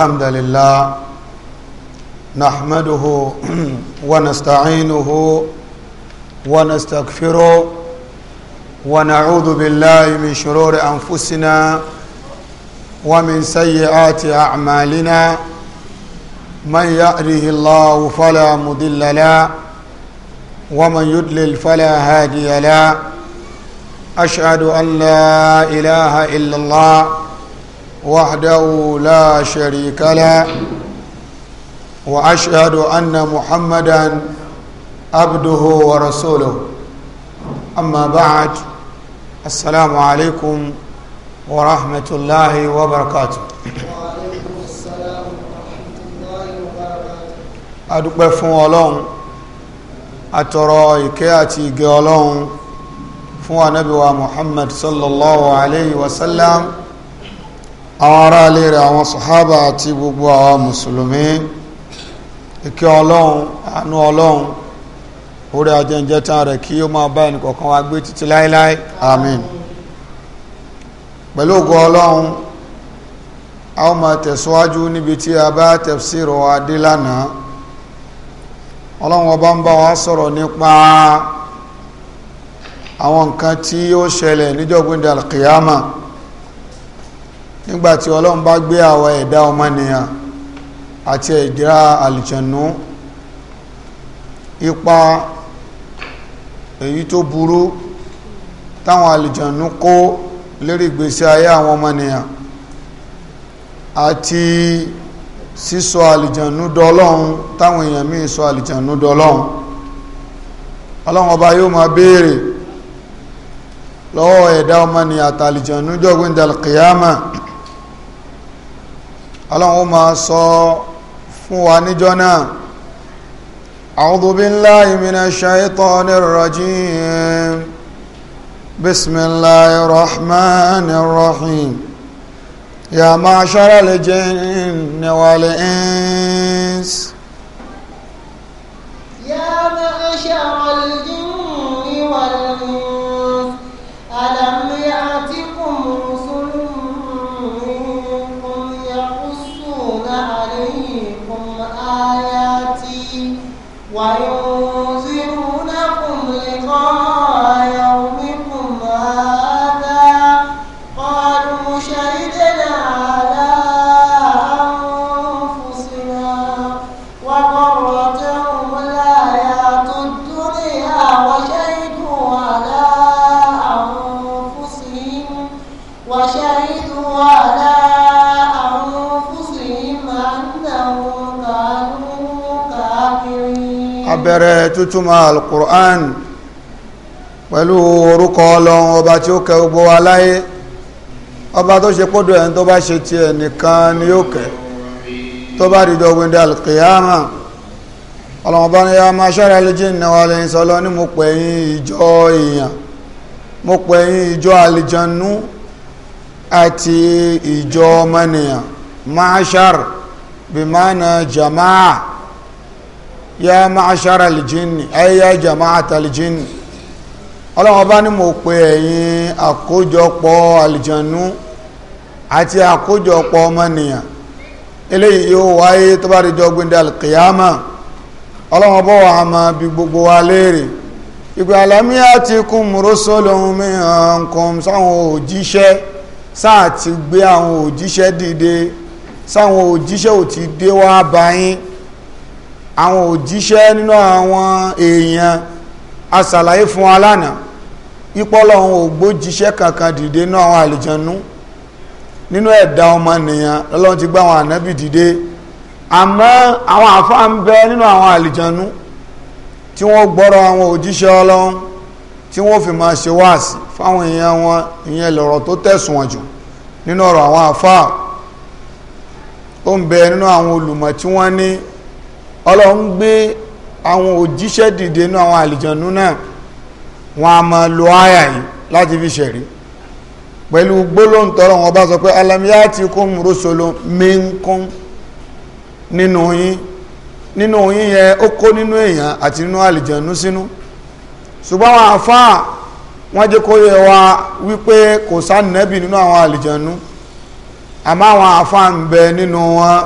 الحمد لله نحمده ونستعينه ونستغفره ونعوذ بالله من شرور أنفسنا ومن سيئات أعمالنا من يأره الله فلا مضل له ومن يدلل فلا هادي له أشهد أن لا إله إلا الله وحده لا شريك له وأشهد أن محمدا عبده ورسوله أما بعد السلام عليكم ورحمة الله وبركاته adúpẹ́ fún ọlọ́run àtọ̀rọ̀ ìkẹ́ àti ìgẹ́ ọlọ́run fún ànábì wa muhammad sallallahu alayhi wa sallam àwọn ará ilé rẹ̀ àwọn sàhábà àti gbogbo àwọn mùsùlùmí ìkẹ́ ọlọ́run àánú ọlọ́run orí ajẹ́jẹ́ tán rẹ̀ kí ó máa bá ẹnì kọ̀ọ̀kan wa gbé títí láéláé àmín pẹ̀lú ògo ọlọ́run a ó máa tẹ̀síwájú níbi tí a bá tafsir wa dé lánàá ọlọ́run ọba ń bá wa sọ̀rọ̀ nípa àwọn nǹkan tí ó ṣẹlẹ̀ níjọ́gbìndà alkiyama nígbàtí ọlọ́run bá gbé àwọn ẹ̀dá ọmọnìyàn àti ẹ̀dá àlìjànú ipa èyí tó burú táwọn àlìjànú kó lérí ìgbésí ayé àwọn ọmọnìyàn àti sísọ àlìjànú dọlọ́run táwọn èèyàn míì sọ àlìjànú dọlọ́run ọlọ́run ọba yóò máa béèrè lọ́wọ́ ẹ̀dá ọmọnìyàn àtàlìjànú jọ́gbìn dàlkìyàmà ọlọ́run máa sọ fún wa níjọ́ náà a'udhu billahi minash shaitanir rajim bismillahir rahmanir rahim ya ma'sharal jinni wal ins ya ma'sharal jinni wal ins bẹ̀rẹ̀ tútúmọ̀ alukur'an pẹ̀lú orúkọ ọlọ́run ọba tí ó kẹ gbogbo wa láyé ọba tó ṣe kódò ẹni tó bá ṣe tiẹ̀ nìkan ni ó kẹ tó bá dìjọ gbẹ̀ndẹ̀ alkiyama ọlọ́run ọba ni a máa ṣọ́ra lójú ìnáwó alẹ́yìn sọlọ ní mo pè yín ìjọ èèyàn mo pè yín ìjọ àlìjànú àti ìjọ ọmọnìyàn máṣar bìmánà jama'a ya ma'ashara aljinni ay ya jama'ata aljinni ọlọ́wọ́ bá ní mo pè ẹ̀yin àkójọpọ̀ àlìjànú àti àkójọpọ̀ ọmọnìyàn eléyìí yóò wáyé tó bá rí jọgbìndà alkiyama ọlọ́wọ́ bọ́ wà máa bí gbogbo wa léèrè ìgbà alámíyà ti kún mùrúsọ́lùm minkum sáwọn òjíṣẹ́ sáà ti gbé àwọn òjíṣẹ́ dìde sáwọn òjíṣẹ́ ò ti dé wá báyìí àwọn òjíṣẹ́ nínú àwọn èèyàn asàlàyé fún alánà ipọ́lọ̀ ògbójíṣẹ́ kankan dìde nínú àwọn àlìjànú nínú ẹ̀dá ọmọnìyàn lọ́lọ́run ti gbá àwọn ànábì dìde àmọ́ àwọn ń bẹ nínú àwọn àlìjànú tí wọ́n gbọ́rọ̀ àwọn òjíṣẹ́ fi máa ṣe wáàsí fáwọn èèyàn wọn ìyẹn lọ̀rọ̀ tó tẹ̀sùn wọn jù nínú ọ̀rọ̀ àwọn ó ń bẹ nínú àwọn olùmọ̀ tí ọlọ́run gbé àwọn òjíṣẹ́ dìde nú àwọn àlìjọ̀nú náà wọn a máa lo àyà yìí láti fi ṣẹ̀rí pẹ̀lú gbólóhùn tọ́rọ wọn bá sọ pé alamiya ti kún rusulun minkum nínú yín nínú yín yẹn ó kó nínú èèyàn àti nínú àlìjọ̀nú sínú ṣùgbọ́n àwọn àfáà wọ́n jẹ́ kó yẹ wa wípé kò sánẹ́bì nínú àwọn àlìjọ̀nú àmọ́ àwọn àfáà ń bẹ nínú wọn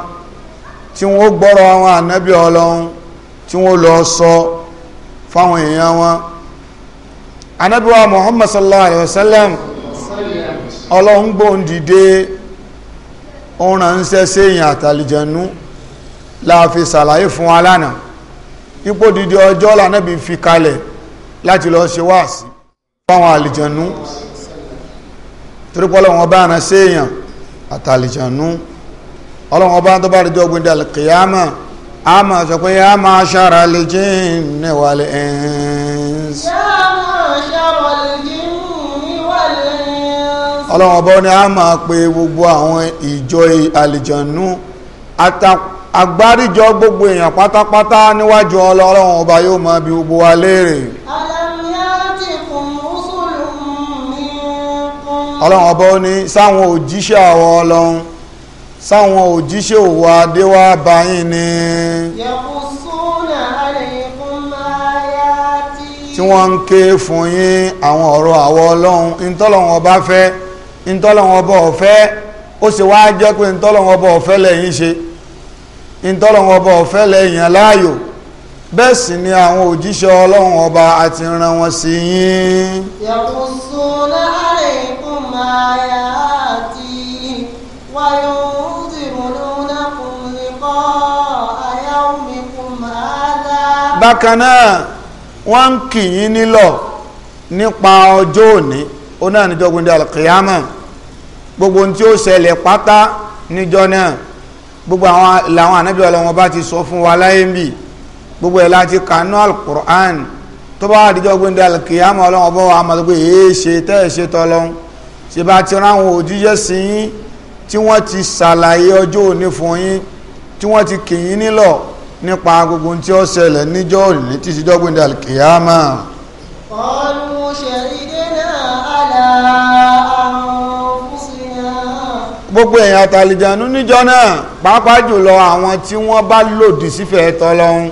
tí wọ́n gbọ́rọ̀ àwọn ànẹ́bí ọlọ́run tí wọ́n lọ sọ fáwọn èèyàn wọn ànábì wa Muhammad sallallahu alayhi wa sallam ọlọ́run gbóhùn dìde àtàlìjẹ̀nú láàfi sàlàyé fún wa lánàá ipò dìde ọjọ́ fi kalẹ̀ láti lọ ṣe fáwọn àlìjẹ̀nú bá èèyàn àtàlìjẹ̀nú ọlọ́run ọba tó bá rí jọ gbìndà kìyàmà a máa sọ pé a máa ṣàrà lè jìn níwàlẹ̀ ẹ̀ẹ́ns ọlọ́run ọba ni a máa pe gbogbo àwọn ìjọ àlìjànú agbáríjọ gbogbo èèyàn pátápátá níwájú ọlọ́run ọba yóò máa bi gbogbo wa léèrè ọlọ́run ọba ó ní sáwọn òjíṣẹ́ àwọn ọlọ́run sáwọn òjíṣẹ́ òwò adé wá báyìí ni tí wọ́n ń ké fún yín àwọn ọ̀rọ̀ àwọ ọlọ́run ìntọ́lọ́wọ́n ọba fẹ́ ìntọ́lọ́wọ́n ọba ọ̀fẹ́ ó sì wá jẹ́ pé ìntọ́lọ́wọ́n ọba ọ̀fẹ́ lẹ́yìn ṣe ìntọ́lọ́wọ́n ọba ọ̀fẹ́ lẹ́yìn láàyò bẹ́ẹ̀ sì ni àwọn òjíṣẹ́ ọlọ́run ọba àti ìran wọn sí yín. yàtọ̀ sùn láàrin kò máa yá. bákan náà wọ́n ń kì yín nílọ̀ nípa ọjọ́ òní ó náà níjọ́ gbìndé alkiyama gbogbo ohun tí ó ṣẹlẹ̀ pátá níjọ́ náà gbogbo àwọn làwọn ànábì ọlọ́wọ́n bá ti sọ fún wa láyé ń bì gbogbo ẹ̀ láti kànú alukur'an tó bá wà díjọ́ gbìndé alkiyama ọlọ́wọ́n bọ́ wa mọ̀ pé èé ṣe tẹ́ ẹ̀ ṣe tọ́lọ́n ṣe bá ti ráwọn òjíṣẹ́ sí yín tí wọ́n ti ṣàlàyé ọjọ́ òní fún yín tí wọ́n ti kì nílọ̀ nípa gbogbo tí ó ṣẹlẹ̀ níjọ́ òní tí ìṣíjọ́ gbìndà kìyàmà gbogbo èèyàn àtàlìjànú níjọ́ náà pàápàá jùlọ àwọn tí wọ́n bá lòdì sífẹ̀ẹ́ tọ́lọ́hun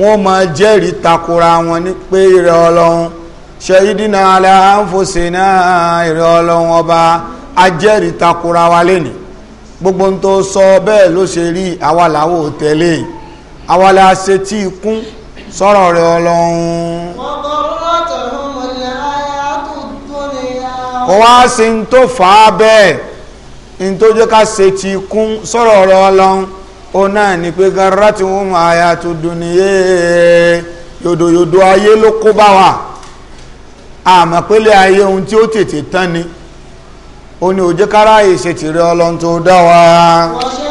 wọ́n máa jẹ́rìí takora wọn ní pé ìrẹ̀ ọlọ́hun ṣẹ́yídínà aláàfòsínà ìrẹ̀ ọlọ́hun ọba ajẹ́rìí takora wa lẹ́nìí gbogbo ń tó sọ bẹ́ẹ̀ ló ṣe rí àwa làwọ̀ tẹ́lẹ̀ yìí àwa la ṣe tí ikún sọ̀rọ̀ rẹ̀ ọlọ́run kò wá sí ń tó fà á bẹ́ẹ̀ ń tó jẹ́ ká ṣe tí ikún sọ̀rọ̀ rẹ̀ ọlọ́run ó náà ni pé gara tí wọ́n máa ya tó dùnìyẹ yòdòyòdò ayé ló kó bá wa àmọ́ ayé ohun tí ó tètè tán ni ó ní òjẹ́káráyè ṣe tìrẹ ọlọ́run tó dá wa. wọ́n ṣe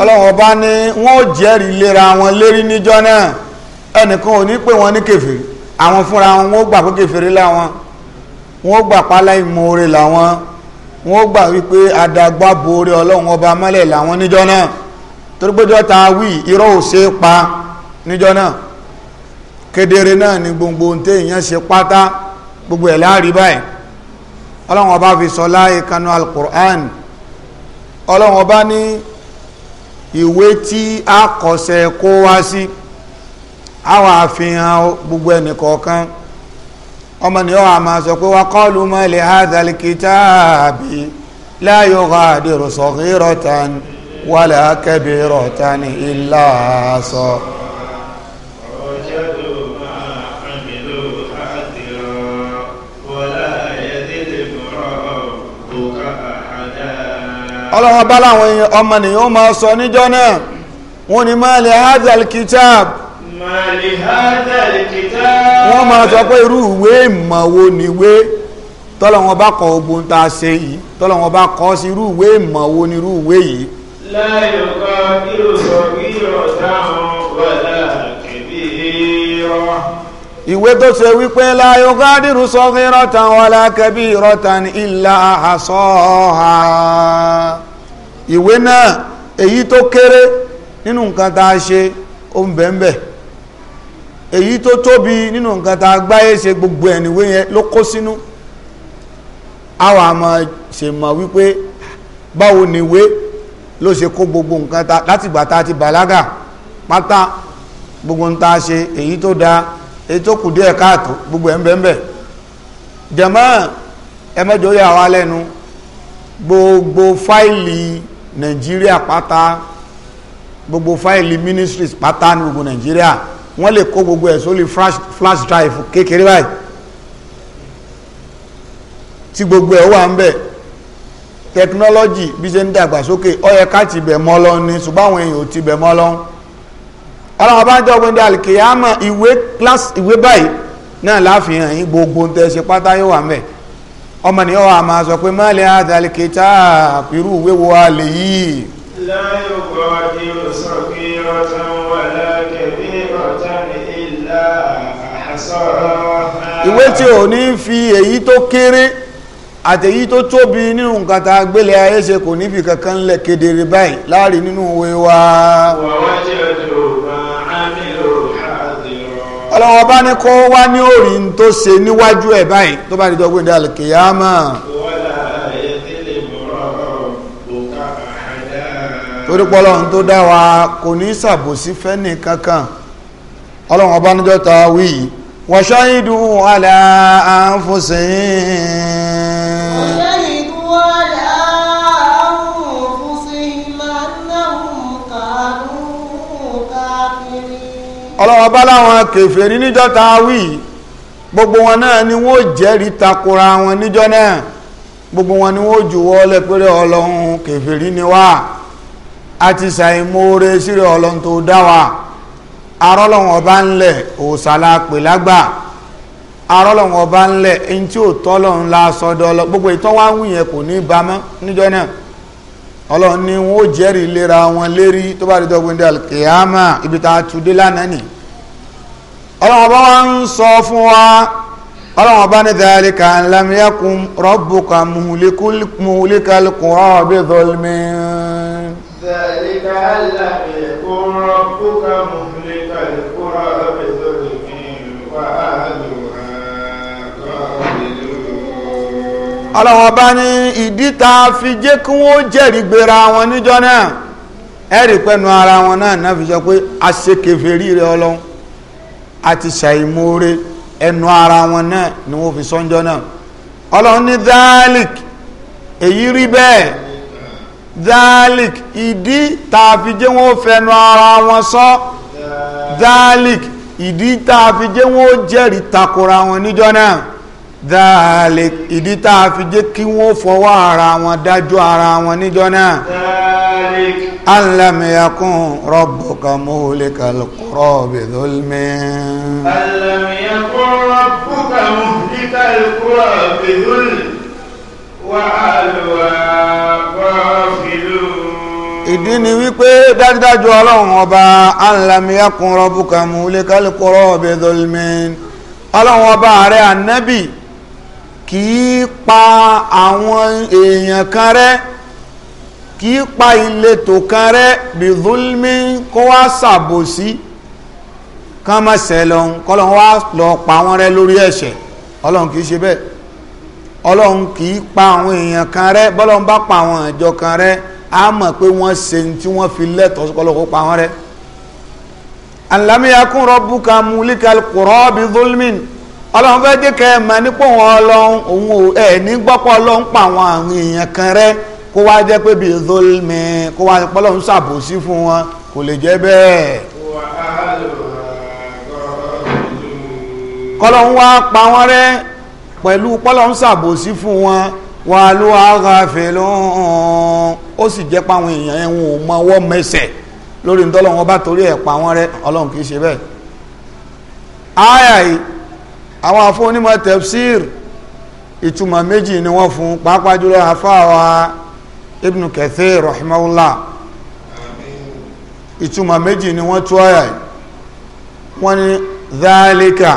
ọlọ́run ọba ní wọ́n ò jẹ́rìí lera wọn lérí níjọ́ náà ẹnìkan ò ní pè wọ́n ní kèfèrí àwọn fúnra wọn wọ́n gbà pé kèfèrí láwọn wọ́n gbà pálá ìmoore làwọn wọ́n gbà wípé adagba boore ọlọ́run ọba mọ́lẹ̀ làwọn níjọ́ náà torí pé wí irọ́ ò ṣe pa níjọ́ náà kedere náà ni gbogbo ohun téèyàn ṣe pátá gbogbo ẹ̀ láàrí báyìí ọlọ́run ọba fi sọ láyé kanú alukur'an ọlọ́run ọba ní ìwé tí a kọ̀sẹ̀ kó wá sí àwọn àfihàn gbogbo ẹnìkọ̀ọ̀kan ọmọ ni ó àmà sọ pé wá kọlu mọ́ ilẹ̀ hadhalikitaabi la yughadiru saghiratan wala kabiratan illa sọ. So. ọlọ́run bá láwọn ọmọnìyàn máa sọ níjọ́ náà wọ́n ní máa lè hazal kitab wọ́n máa sọ pé irú ìwé ìmọ̀wó níwé tọ́lọ́wọ́n bá kọ ogun ta ṣe yìí tọ́lọ́wọ́n bá kọ sí irú ìwé ìmọ̀wó ní irú ìwé yìí láyọ̀kọ́ kí ó sọ kí ọ̀dá wọn wà láàrín ìwé tó ṣe wípé la yughadiru saghiratan wala kabiratan illa ahsaha ìwé náà èyí tó kéré nínú nǹkan tá a ṣe ó ń bẹ̀ẹ̀bẹ̀ èyí tó tóbi nínú nǹkan tá a gbáyé ṣe gbogbo ẹ̀nìwé yẹn ló kó sínú àwọn àmọ́ ṣe mọ̀ wípé báwo nìwé ló ṣe kó gbogbo nǹkan láti gbà tá ti bàlágà pátá gbogbo ń tá ṣe èyí tó dáa ètò kù díẹ̀ káàtó gbogbo ẹ̀ ń bẹ́ ń bẹ́ jẹ̀mọ́ ẹmẹ́jọ yà wá lẹ́nu gbogbo fáìlì nàìjíríà pátá gbogbo fáìlì ministries pátá ní gbogbo nàìjíríà wọ́n lè kó gbogbo ẹ̀ sórí flash drive kékeré báyìí tí gbogbo ẹ̀ wà ń bẹ̀ technology bí ṣe ń dàgbàsókè ó yẹ ká ti bẹ̀ mọ́ lọ ṣùgbọ́n àwọn èèyàn ò ti bẹ̀ mọ́ lọ́hún ọlọ́wọ́n bá ń jọ gbẹ́ndé alìkèyàmọ̀ ìwé class ìwé báyìí náà láàfihàn yín gbogbo tẹ́ ṣe pátá yóò wà mẹ́ ọmọ ni ọwọ́ àmà sọ pé má lè hàdà alìkèta pẹ̀lú ìwé wo a lè láyò gbọ́ kí o sọ pé ọ̀tún wà ìlà ìwé tí a gbélé kedere báyìí láàrin nínú òwe wa. ọlọ́wọ́ bá ní kó wá ní òrìn tó ṣe níwájú ẹ̀ báyìí tó bá dìjọ́ gbìndé alìkèyàmà torí pé ọlọ́run tó dá wa kò ní ṣàbòsí fẹ́ni kankan ọlọ́run ọba níjọ́ ta wí wa shahidu ala anfusihim wa ọlọ́wọ́ bá láwọn kèfèrí níjọ́ ta wí gbogbo wọn náà ni wọ́n jẹ́rìí takora wọn níjọ́ náà gbogbo wọn ni wọ́n jùwọ́ lẹ́pẹ́rẹ́ ọlọ́run kèfèrí ni wá àti ṣàìmoore sírẹ̀ ọlọ́run tó dá wa arọ́lọ́wọ́n ọba ńlẹ̀ òsàlà pè lágbà arọ́lọ́wọ́n ọba ńlẹ̀ ẹni tí ò tọ́lọ́run la sọ́dọ̀ ọlọ́ gbogbo ìtọ́wá ń wù yẹn kò ní bámọ́ níjọ́ náà ọlọ́run ni wọ́n ó jẹ́rìí lera wọn lérí tó bá rí dọ́gbọ́n dé alkiyama ibi tá a tún dé lánàá nì ọlọ́run ọba wa ń sọ fún wa ọlọ́run ọba ní dhalika an lam yakun rabbuka muhlikal qura bi dhulmin. dhalika an lam yakun rabbuka muhlikal qura. ọlọ́wọ́n bá ní ìdí tá fi jẹ́ kí wọ́n jẹ́rìí gbéra wọn níjọ́ náà ẹ̀rì pẹ́nu ara wọn náà náà fi sọ pé a rẹ ọlọ́run àti ṣàìmóore ẹnu ara wọn náà ni wọ́n fi sọ́njọ́ náà ọlọ́run ní dhalik èyí rí bẹ́ẹ̀ dhalik ìdí tá fi jẹ́ wọ́n fẹnu ara wọn sọ dhalik ìdí tá fi jẹ́ wọ́n jẹ́rìí takora wọn níjọ́ náà dáàlẹ̀ ìdí tá a fi jẹ́ kí wọ́n fọwọ́ ara wọn dájú ara wọn níjọ́ náà an lam yakun rabbuka muhlikal qura bi dhulmin an lam yakun rabbuka muhlikal qura bi ìdí ni wípé dájúdájú ọlọ́run ọba an lam yakun rabbuka muhlikal qura ọlọ́run ọba ààrẹ ànábì kì í pa àwọn èèyàn kan rẹ́ kì í pa ìletò kan rẹ́ bí zulmi kó wá ṣàbòsí kán mọ̀ sẹ́lọ̀n kọ́lọ́n wá lọ pa wọ́n rẹ́ lórí ẹ̀ṣẹ̀ ọlọ́run kì í ṣe bẹ́ẹ̀ ọlọ́run kì í pa àwọn èèyàn kan rẹ́ bọ́lọ́run bá pa àwọn ìjọ kan rẹ́ a mọ̀ pé wọ́n ṣe tí wọ́n fi lẹ́tọ̀ọ́ sọ́kọ́lọ́ kó pa wọ́n rẹ́ alamiya kun rọ́bù kan mulikal zulmin ọlọ́run fẹ́ jẹ́ kẹ́ ẹ mọ̀ nípò wọn ọlọ́run òun ẹ̀ ní gbọ́pọ̀ ọlọ́run pa àwọn àwọn èèyàn kan rẹ kó wá jẹ́ pé bíi zolmi kó wá pọ́ lọ́run ṣàbòsí fún wọn kò lè jẹ́ bẹ́ẹ̀. kọ́lọ́run wá pa wọ́n rẹ pẹ̀lú pọ́lọ́run ṣàbòsí fún wọn wà ló àgàfẹ́ lọ́hùn-ún ó sì jẹ́ pa àwọn èèyàn ẹ̀ wọn ò mọwọ́ mẹsẹ̀ lórí ntọ́lọ́run ọba torí ẹ̀ pa wọ́n rẹ ọlọ́run kì í ṣe bẹ́ẹ̀ àwọn afọ́nímọ̀ tafsir ìtumọ̀ méjì ni wọ́n fún pàápàá jùlọ àfáàwà Ibn Kathir rahimahullah ìtumọ̀ méjì ni wọ́n tú àyà wọ́n ni dhalika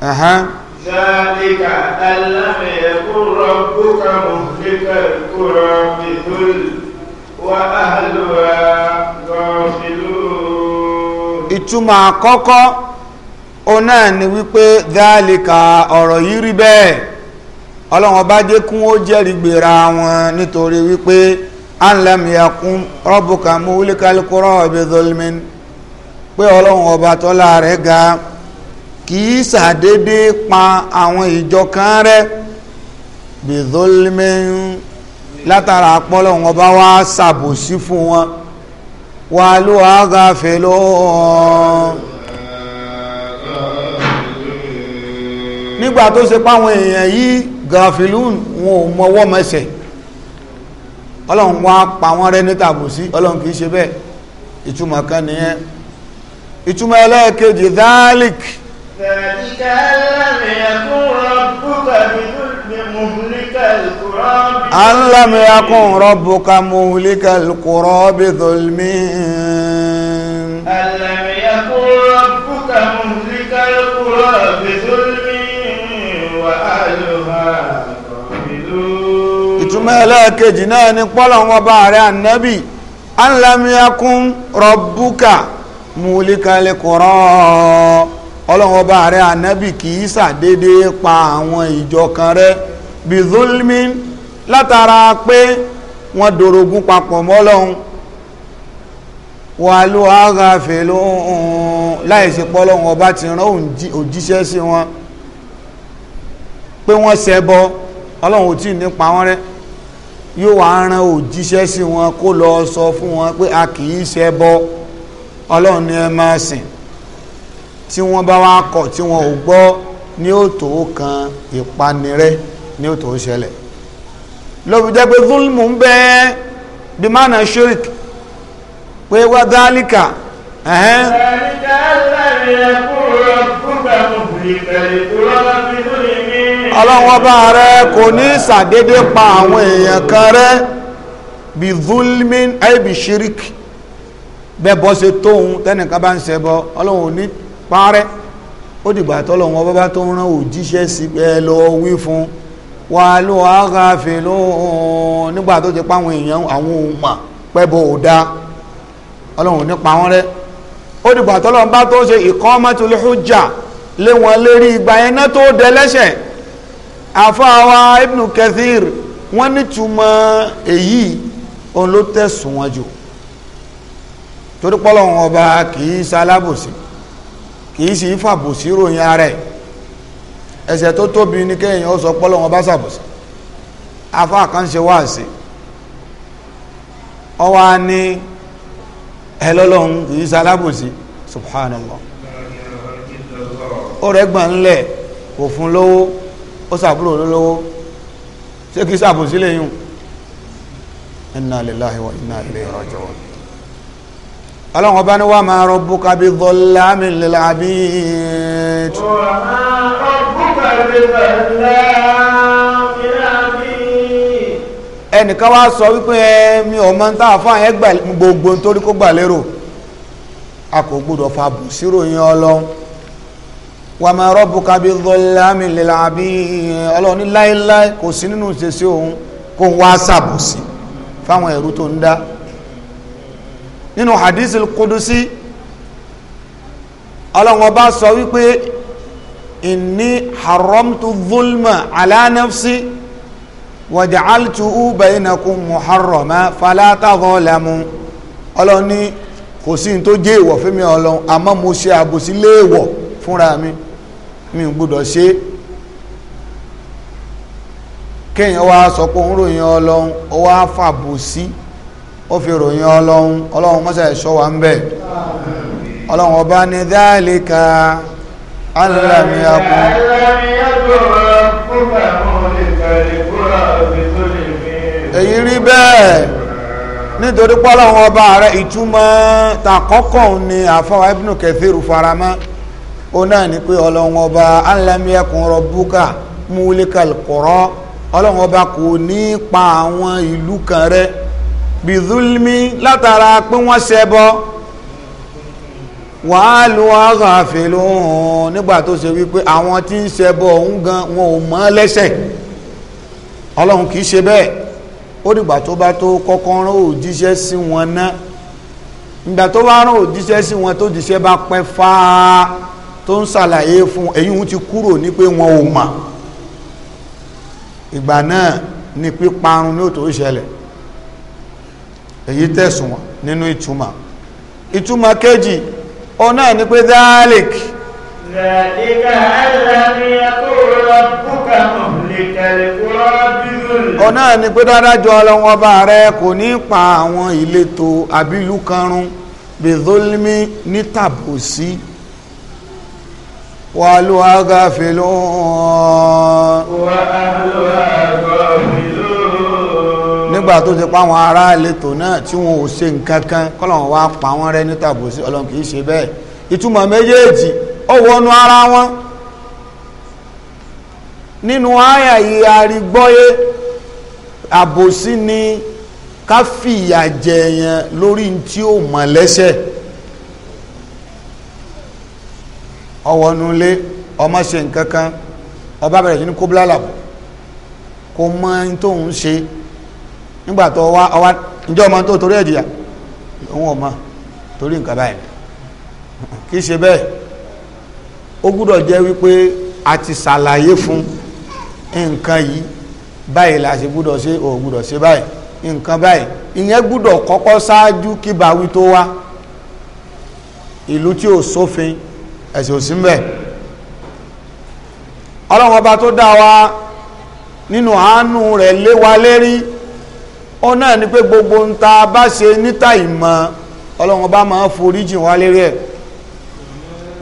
dhalika alam yakun rabbuka muhlikal qura bidhul wa ahluha ghafilun ìtumọ̀ àkọ́kọ́ ó náà ni wípé dáàlìkà ọ̀rọ̀ yìí rí bẹ́ẹ̀ ọlọ́run bá dékún ó jẹ́rìí gbèrà wọn nítorí wípé anlamiyakun rọ́bùkà múlíkálíkúrọ́ ọ̀bẹ̀dọ́lmin pé ọlọ́run ọba tọ́lá rẹ̀ ga kì í sàdédé pa àwọn ìjọ kan rẹ̀ bẹ̀dọ́lmin látara apọ́lọ́run ọba wá sàbòsí fún wọn wà ló wàá gàfẹ́ nígbà tó ṣe páwọn èèyàn yìí gàfìlún wọn ò mọwọ́ mẹsẹ̀ ọlọ́run wá pa wọ́n rẹ ní tàbùsí ọlọ́run kìí ṣe bẹ́ẹ̀ ìtumọ̀ kan nìyẹn ìtumọ̀ ẹlẹ́ẹ̀kejì dhalik an lam yakun rabbuka muhlikal qura bi dhulmin an lam yakun rabbuka muhlikal qura bi ìtumọ̀ ẹlẹ́ẹ̀kejì náà ni pọ́lọ̀wọ́ bá rẹ̀ ànábì alámiyakún rọ̀búkà múlíkalẹ̀ kọ̀rọ̀ ọlọ́wọ́ bá rẹ̀ pa àwọn ìjọ kan rẹ̀ bí zulmi látara pé wọ́n dorogún papọ̀ mọ́lọ́hun ló láìsí bá ti rán òjíṣẹ́ wọn pé wọ́n ṣẹbọ ọlọ́run ò tí wọn rẹ́ yóò wá rán òjíṣẹ́ sí wọn kó lọ sọ fún wọn pé a kì í ṣe bọ ọlọ́run ni ẹ máa sìn tí wọ́n bá wá kọ̀ tí wọ́n ò gbọ́ ní ó kan ìpanirẹ́ ní ó ṣẹlẹ̀ lóbi pé zulmù ń bẹ bí mánà shirik pé wá dálíkà ẹ̀hẹ́n. ẹ̀ẹ́dẹ́gbẹ̀rẹ̀ kúrò kúrò kúrò kúrò kúrò kúrò kúrò ọlọ́run ọba rẹ kò ní ṣàdédé pa àwọn èèyàn kan rẹ bí zulmin aibi shirik bẹ́ẹ̀ bọ́ ṣe tóun tẹ́nìkan bá ń ṣẹbọ ọlọ́run ò ní parẹ́ ó dìgbà tọ́lọ́run ọba bá tó ń rán òjíṣẹ́ sí ẹ lọ wí fún wà ló àgàfẹ́ lóhùn nígbà tó ti pa àwọn èèyàn àwọn ohun mà ò dáa ọlọ́run ní pa wọ́n rẹ́ ó dìgbà tọ́lọ́run bá tó ṣe ìkọ́mọ́tòlẹ́hùjà lé wọn lérí ìgbà yẹn náà tó dẹlẹ́ṣẹ̀ àfáàwá ibn kathir wọ́n nítumọ̀ èyí òun ló tẹ̀sùn wọn jù torí pọ́lọ́hún ọba kìí ṣalábòsí kìí sì fàbòsí ròyìn ara ẹ̀ ẹ̀ṣẹ̀ tó tóbi ní kéèyàn ó sọ pọ́lọ́hún ọba ṣàbòsí afáà kan ṣe wá sí ọwọ́ á ní ẹ lọ́lọ́hún kìí ṣalábòsí subhanallah ó rẹ̀ gbọ̀n ńlẹ̀ kò fún lówó ó sàbúrò olólówó ṣé kìí sàbò sílẹ̀ yùn inna lillahi wa inna ilayhi raji'un ọlọ́run ọba ní wa ẹnìkan wá sọ wípé mi ò mọ́ tàà fún àyẹ́gbà gbogbo nítorí kó gbà lérò a kò gbọdọ̀ fàbù síròyìn ọlọ́run wàmà rabbuka bí dhallami lil abid ọlọ́run ní láéláé kò sí nínú ìṣesí òun kó ń wá sàbòsí fáwọn ẹ̀rú tó ń dá nínú hadith kudusi ọlọ́run ọba sọ wípé inni haramtu dhulma ala nafsi waja'altuhu bainakum muharrama fala kò sí ní tó jẹ́ ìwọ̀ fún mi ọlọ́run àmọ́ mo ṣe àbòsí léèwọ̀ fúnra mi mi gbọ́dọ̀ ṣe kéèyàn wá sọ pé òun ròyìn ọlọ́run ó wá fàbò sí ó fi ròyìn ọlọ́run ọlọ́run mọ́sà ẹ̀ṣọ́ wa ń bẹ̀ ọlọ́run ọba ní dáàlíkà alàmì akùn èyí rí bẹ́ẹ̀ nítorí pé ọlọ́run ọba rẹ̀ ìtumọ̀ tàkọ́kọ̀ ni àfọwà Ibn Kathir faramọ́ ó náà ní pé ọlọ́run ọba buka rọbúkà múlikal kọ̀rọ̀ ọlọ́run ọba kò ní pa àwọn ìlú kan rẹ bizulmi látara pé wọ́n ṣẹbọ wàhálù àgàfẹ́lú nígbà tó ṣe wípé àwọn tí ń ṣẹbọ ọ̀hún gan wọn ò mọ̀ lẹ́sẹ̀ ọlọ́run kìí ṣe bẹ́ẹ̀ ó dìgbà tó bá tó kọ́kọ́ rán òjíṣẹ́ sí wọn náà ìgbà tó bá rán òjíṣẹ́ sí tó ń ṣàlàyé fún èyí ń ti kúrò ní pé wọn ò mà ìgbà náà ni píparun ní òtò ìṣẹ̀lẹ̀ èyí tẹ̀sùn wọn nínú ìtumọ̀ ìtumọ̀ kejì ọ náà ni pé dalek ọ náà ni pé dádájọ́ ọlọ́wọ́n bá rẹ kò ní pa àwọn ìletò àbílú kanrun bezolmi ní si وأهلها غافلون وأهلها غافلون nígbà tó ti pa àwọn ará ìletò náà tí wọn ò ṣe nǹkan kan kọ́lọ́wọ́n wá pa wọ́n rẹ́ ní tàbùsí ọlọ́run kì í ṣe bẹ́ẹ̀ ìtumọ̀ méjèèjì ó wọnú ara wọn nínú àyà yìí arígbọ́yé àbòsí ni ká fìyà jẹ̀yàn lórí tí ó mọ̀ lẹ́sẹ̀ ọwọ́ nulé ọmọ ṣe nǹkan kan ọba bẹ̀rẹ̀ sí ní kó bílálà bò kó mọ ẹni tó ń ṣe nígbà tó wá ọwá ǹjẹ́ ọmọ tó torí ẹ̀dìyà òun ọmọ torí nǹkan báyìí kì í ṣe bẹ́ẹ̀ ó gbúdọ̀ jẹ́ wípé a ti ṣàlàyé fún nǹkan yìí báyìí la ṣe gbúdọ̀ ṣe ò gbúdọ̀ ṣe báyìí nǹkan báyìí ìyẹn gbúdọ̀ kọ́kọ́ ṣáájú kí báwí tó wá ìlú tí ò sófin ẹ̀sìn òsì mbẹ̀ ọlọ́run ọba tó dá wa nínú àánú rẹ̀ lé wa lérí ó náà ni pé gbogbo ń ta bá ṣe níta ìmọ̀ ọlọ́run ọba máa ń forí jìn wá lérí ẹ̀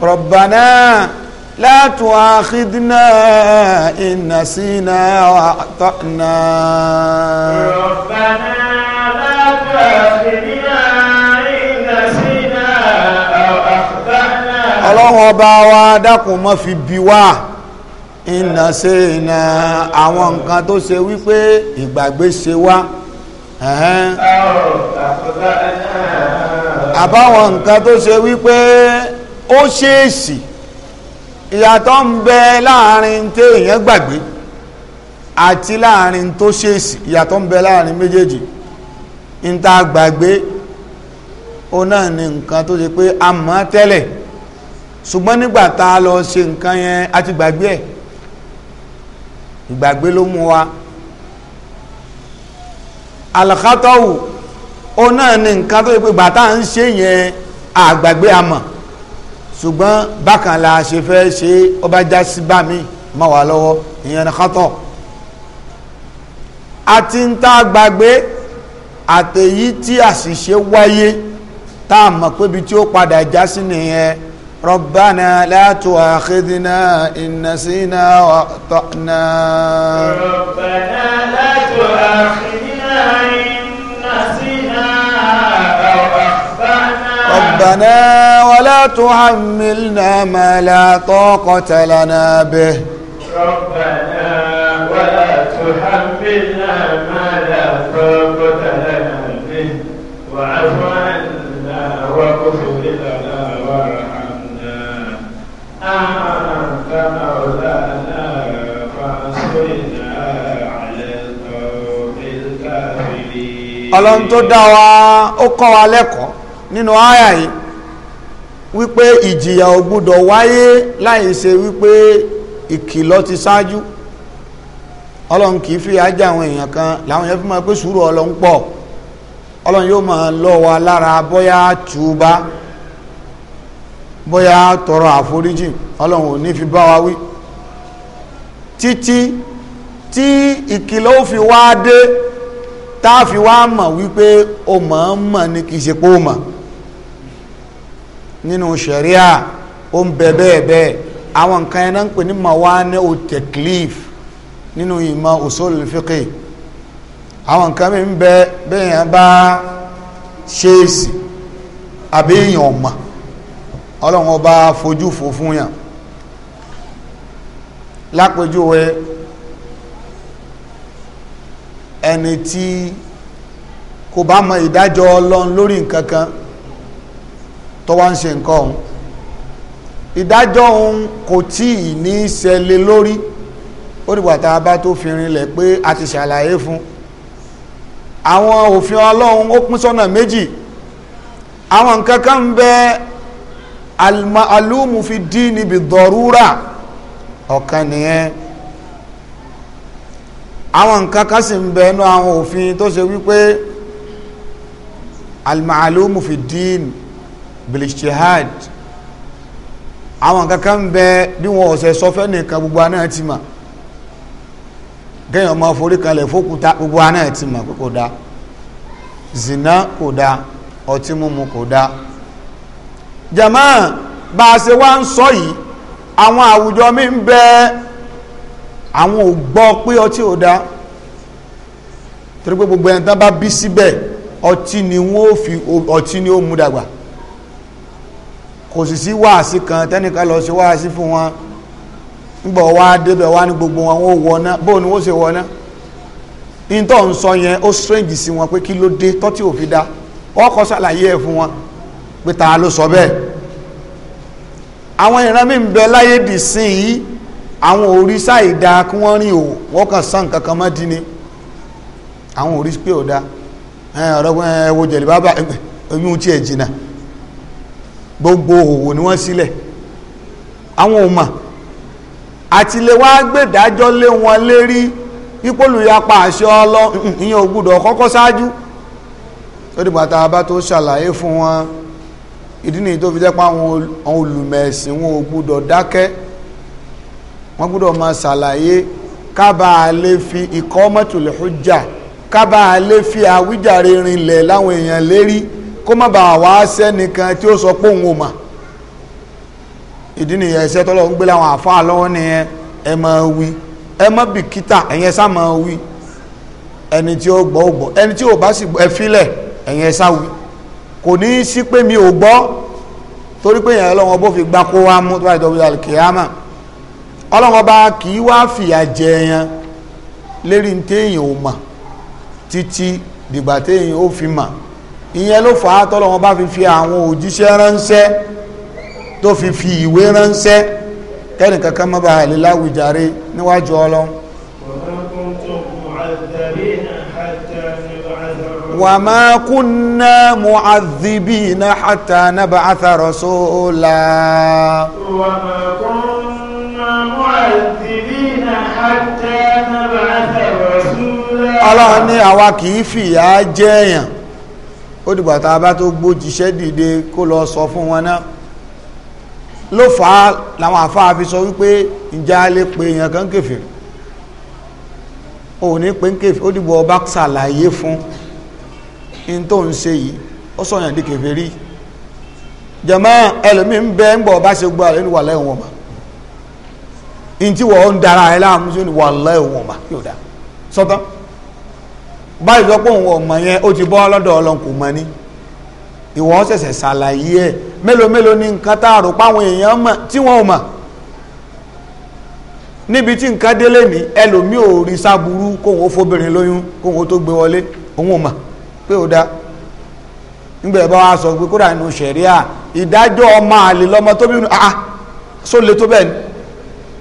Rabbana la tu'akhidhna in nasina wa akhta'na Rabbana la tu'akhidhna ọlọ́run ọba wa dákun mọ́ fi bí wá iná ṣe iná àwọn nǹkan tó ṣe wípé ìgbàgbé ṣe wá àbáwọn nǹkan tó ṣe wípé ó ṣèèṣì ìyàtọ̀ ń bẹ láàrin téèyàn gbàgbé àti láàrin tó ṣèèṣì ìyàtọ̀ ń bẹ láàrin méjèèjì ń ta gbàgbé ó náà ni nǹkan tó ṣe pé a mọ̀ tẹ́lẹ̀ ṣùgbọ́n nígbà tá a lọ ṣe nǹkan yẹn a ti gbàgbé ẹ̀ ìgbàgbé ló mú wa alakatọ́wù ó náà ní nǹkan tó yẹ pé bàtà ń ṣe yẹn àgbàgbé àmọ̀ ṣùgbọ́n bákan la ṣe fẹ́ ṣe ó bá já sí bá mi má wà lọ́wọ́ ìyẹn ní kátọ̀ àti ń tá gbàgbé àtẹ̀yí tí àṣìṣe wáyé tá a mọ̀ pé ibi tí ó padà já sí nìyẹn ربنا لا تؤاخذنا إن نسينا وأخطأنا ربنا لا تؤاخذنا إن نسينا أو ربنا ولا تحملنا ما لا طاقة لنا به ربنا ولا تحملنا ما لا طاقة لنا به وعفو ọlọ́run tó dá wa ó kọ́ wa lẹ́kọ̀ọ́ nínú àyà yìí wípé ìjìyà ò wáyé láì ṣe wípé ìkìlọ̀ ti ṣáájú ọlọ́run kìí í fi ajá àwọn èèyàn kan làwọn èèyàn fi máa pé sùúrù ọlọ́run pọ̀ ọlọ́run yóò máa lọ́ wa lára bóyá túbá bóyá tọrọ àforíjì ọlọ́run ò ní fi bá wa wí títí tí ìkìlọ̀ ó fi wá dé táàfi wá mọ̀ wípé o mọ̀ ń mọ̀ ní kìí ṣe pé o mọ̀ nínú ṣẹ̀ríà o ń bẹ bẹ́ẹ̀ bẹ́ẹ̀ àwọn nǹkan ẹ̀nà ń pè ní mawani o teklif nínú ìmọ̀ usul fiqi àwọn nǹkan mi ń bẹ bẹ́ẹ̀ bá ṣéèsì àbí èèyàn ọ̀mà ọlọ́run ọba fojú fò fún yàn lápèjúwe ẹni tí kò bá mọ ìdájọ́ ọlọ́run lórí nkankan kan tó wá ń ṣe nǹkan ọ̀hún ìdájọ́ òun kò tí ì ní ṣẹlẹ̀ lórí ó dìgbà tá a bá tó fi rinlẹ̀ pé a ti ṣàlàyé fún àwọn òfin ọlọ́run ó pín sọ́nà méjì àwọn nkankan ń bẹ alùmùfidí níbi dọ̀rúrà ọ̀kan nìyẹn àwọn nǹkan kan sì ń bẹ nú àwọn òfin tó ṣe wípé almaalumu fi dín bilijtihad àwọn nǹkan kan bẹ bí wọn sọ gbogbo aná ti mà kéèyàn máa forí kalẹ̀ fókúta gbogbo aná ti mà kò zina kò dáa ọtí mímu kò dáa jama bá a ṣe wá ń sọ yìí àwọn àwùjọ mi ń bẹ́ẹ̀ àwọn ò gbọ́ pé ọtí ò dá torí pé gbogbo ẹni bá bí síbẹ̀ ọtí ni wọ́n ò fi ọtí ni ó mú dàgbà kò sì sí wáàsí kan tẹ́nìkan lọ sí wáàsí fún wọn nígbà wá débẹ̀ wá ní gbogbo wọn ó wọná bóun ni wọ́n ṣe wọná ìtọ́ ń sọ yẹn ó strange sí wọn pé kí ló dé tọ́tí ò fi dá ọkọ̀ ṣàlàyé ẹ̀ fún wọn pé ta ló sọ bẹ́ẹ̀ àwọn ìran mi ń bẹ láyé dì sí yìí àwọn òrìṣà ìdá kí wọ́n rìn òwò wọ́n kàn sàn kankan mọ́ dín àwọn orí pé ọ̀dá ọ̀rọ̀gbọ́n ẹwọ jẹ̀lẹ̀ bábà oyún tí ẹ̀ jìnà gbogbo òwò ni wọ́n sílẹ̀ àwọn òmà àti lè wá gbẹ̀dájọ́ lé wọn lérí ìyẹn kọ́kọ́ ṣáájú tó ṣàlàyé fún wọn ìdí nìyí tó fi jẹ́ pé àwọn olùmẹ̀sìn wọn wọ́n gbọ́dọ̀ máa ṣàlàyé kábà lè fi iqamatul hujja kábà lè fi àwíjàre rinlẹ̀ láwọn èèyàn lérí kó má bàa wá sẹ́nìkan tí ó sọ pé òun ò mà ìdí nìyẹn iṣẹ́ tọ́lọ́ ń gbé láwọn àfáà lọ́wọ́ nìyẹn ẹ máa wí ẹ má bìkítà ẹ̀yẹn sá máa wí ẹni tí ó gbọ́ ó gbọ́ ẹni tí ò bá sì ẹ filẹ̀ ẹ̀yẹn sá wí kò ní í sí pé mi ò gbọ́ torí pé èèyàn lọ́wọ́ bó fi gbá kó wá mú tó bá ìdọ̀wé àlùkìyàmà ọlọ́run ọba kì í wá fìyà jẹ ẹyan lérí téèyàn ò mà títí dìgbà téèyàn ó fi mà ìyẹn ló fà á tọ́lọ́run ọba fi fi àwọn òjíṣẹ́ ránṣẹ́ tó fi fi ìwé ránṣẹ́ kẹ́ni kankan má bàa lè láwùjáre níwájú ọlọ́run. wa ma kunna ọlọ́run ní àwa kì í fìyà jẹ èèyàn ó dìgbà tá a bá tó gbójíṣẹ́ dìde kó lọ sọ fún wọn náà ló fà làwọn àfáà fi sọ wípé ìjà lè pe èèyàn kan kèfèrí òun ní pé ń kèfèrí ó dìgbà ọba ṣàlàyé fún in tó ń ṣe yìí ó sọ̀yàn di kèfèrí jàmáà ẹlòmíín bẹ́ẹ̀ ń gbọ́ ọba ṣe gbọ́ àlẹ́ ìwà lẹ́wọ̀n wọn ntí wọ́n ń dara ẹ̀ láàmú sí ni wàhálà ẹ̀ wọ̀n mà yóò dá sọ́tọ́ báyìí sọ pé òun ọmọ yẹn ó ti bọ́ lọ́dọ̀ ọlọ́run kò mọ ní ìwọ ṣẹ̀ṣẹ̀ ṣàlàyé ẹ̀ mélòó mélòó ni nǹkan tá a rò páwọn èèyàn mọ̀ tí wọ́n ò mọ̀ níbi tí nǹkan délé ní ẹlòmíì ò rí sábúrú kóun ó fóbìnrin lóyún kóun ó tó gbé wọlé òun ò mọ̀ pé ó dáa nígbà ẹ̀ wa sọ pé kódà nínú ṣẹ̀ríà ìdájọ́ ọmọ àlè lọ́mọ tóbi ah so ah, le tó bẹ́ẹ̀ ni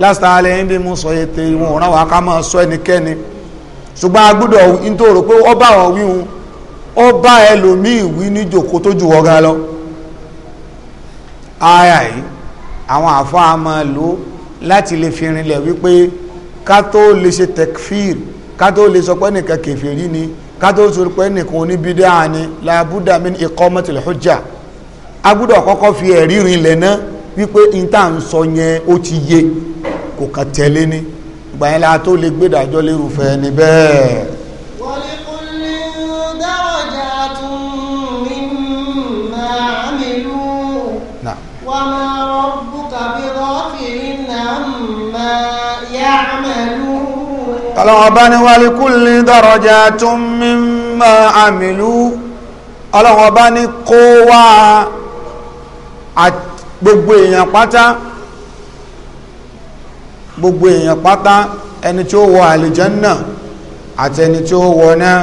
lásìkò alẹ́ ń bí mo sọ ètè ìwọ̀n ọ̀ràn wa ká máa sọ ẹnikẹ́ni ṣùgbọ́n agbọ́dọ̀ nítorí pé ó bá àwọn wíhun ó bá ẹlòmíì wí ní jòkó tó jù wọ́gá lọ aya yìí àwọn àfáà máa lò láti lè fi rinlẹ̀ wípé ká tó lè ṣe tekfir ká tó lè sọ pé nìkan kèfèrí ni ká tó sọ pé nìkan oníbídà ni làbúdà min iqamatil hujja agbọ́dọ̀ kọ́kọ́ fi ẹ̀rí rinlẹ̀ náà wípé n tá à sọ yẹn ó ti yé kò kàn tẹ̀lé ní ìgbà yẹn la tó lè gbé ìdájọ́ lérúfẹ́ ni bẹ́ẹ̀. وما ربك بغافل عما يعملون ọlọ́wọ́ bá ní wa li kulli darajatun mimma amilu ọlọ́wọ́ bá ní kó gbogbo èèyàn pátá gbogbo èèyàn pátá ẹni tí ó wọ àlìjánná àti ẹni tí ó wọ náà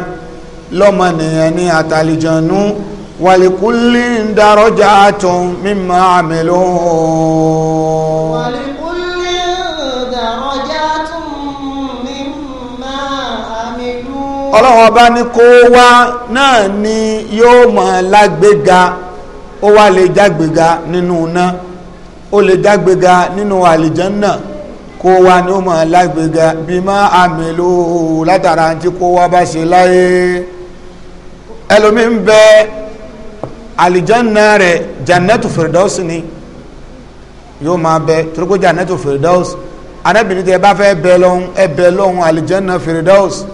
lọ́mọ nìyẹn ní àtàlìjánú wàlìkúlì ń darọ́jà tún mímọ àmìlò wàlìkúlì ń darọ́jà tún mímọ àmìlò ọlọ́wọ́ bá ní kó wá náà ni yóò mọ̀ lágbéga ó wá lè jágbéga nínú iná ó lè jágbéga nínú àlìjánná kó wá ní ó máa lágbéga bí má àmì ló látara tí kó wá bá ṣe láyé ẹlòmí bẹ àlìjánná rẹ̀ jannatu firdaus ni yóò máa bẹ torókó jannatu firdaus arábìnrin tẹ bá fẹ́ bẹ lọ́hún ẹ bẹ lọ́hún àlìjánná firdaus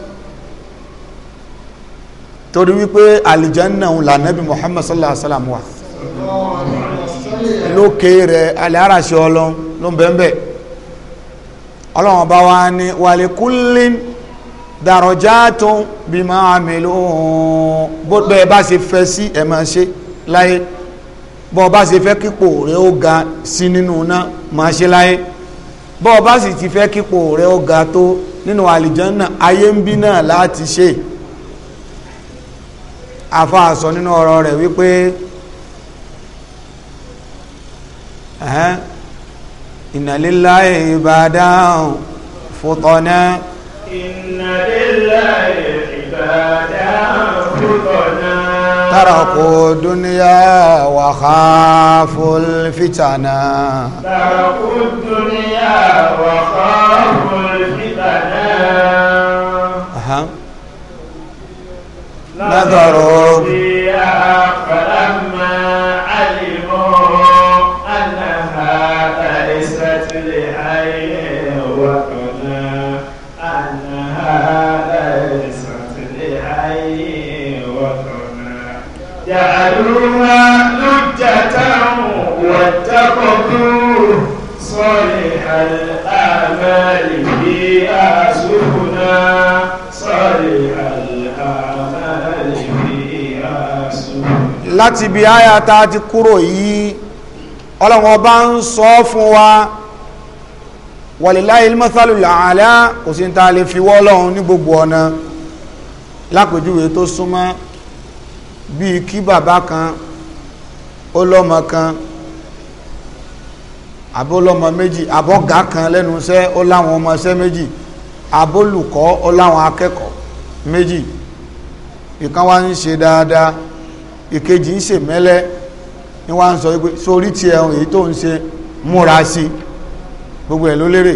torí wípé àlìjánná òun lànàbí Muhammad sallallahu alaihi wa sallam wa lókè rẹ̀ alẹ́ àràṣẹ ọlọ́run ló ń bẹ́ẹ̀ bẹ́ẹ̀ bá wá ní wàlékúlín darajatun bima amilu bó bẹ́ẹ̀ bá ṣe fẹ́ sí ẹ̀ máa ṣe láyé bọ́ bá ṣe fẹ́ kípò rẹ̀ ó ga sí nínú náà máa ṣe láyé bọ́ bá sì ti fẹ́ kípò rẹ̀ ó ga tó nínú àlìjánná ayé ń bí náà láti ṣe àfa àsọ nínú ọ̀rọ̀ rẹ̀ wípé. ìnàléláyè ìbàdàn fòtọ́nà. ìnàléláyè ìbàdàn fòtọ́nà. تركوا الدنيا وخافوا الفتنة تركوا الدنيا وخافوا الفتنة نظروا فيها فلما علموا جعلوها لجة واتخذوا صالح الأعمال فيها سفنا صالح الأعمال فيها سفنا láti ibi àyà tá a ti kúrò yìí ọlọ́run ọba ń sọ fún wa wàlíláyé mọ́sálù làálá kò sí ní ta lè fi wọ́ ọlọ́run ní gbogbo ọ̀nà lápèjúwe tó súnmọ́ bíi kí bàbá kan ó lọ́mọ kan àbólọ́mọ méjì àbọ̀gá kan lẹ́nu iṣẹ́ ó láwọn ọmọ iṣẹ́ méjì àbólùkọ́ ó láwọn akẹ́kọ̀ọ́ méjì ìkan wá ń ṣe dáadáa ìkejì ń ṣe mẹ́lẹ́ ní wá ń sọ wípé sórí ti ẹ̀hún èyí tó ń ṣe múra sí gbogbo ẹ̀ ló lérè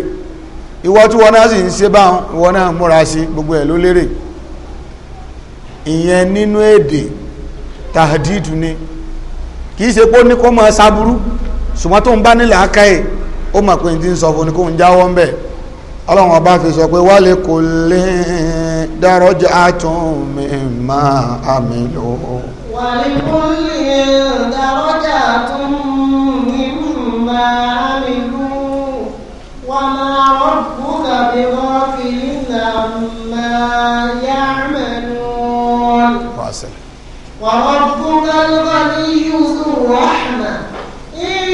ìwọ tí wọn náà sì ń ṣe báwọn ìwọ náà múra sí gbogbo ẹ̀ ló lérè ìyẹn nínú èdè tàdídù ni kìí ṣe pé ó ní kó máa sábúrú ṣùgbọ́n tó ń bá nílẹ̀ aká ẹ̀ ó mà pé ní ti ń sọ fún kó ń jáwọ́ ń bẹ̀ ọlọ́run ọba fi sọ pé wálé kò lè dárọ́jà àtúnmí máa àmì lò ó. wálé kò lè máa wà máa wọ́n fi máa وربك الغني ذو الرحمة إن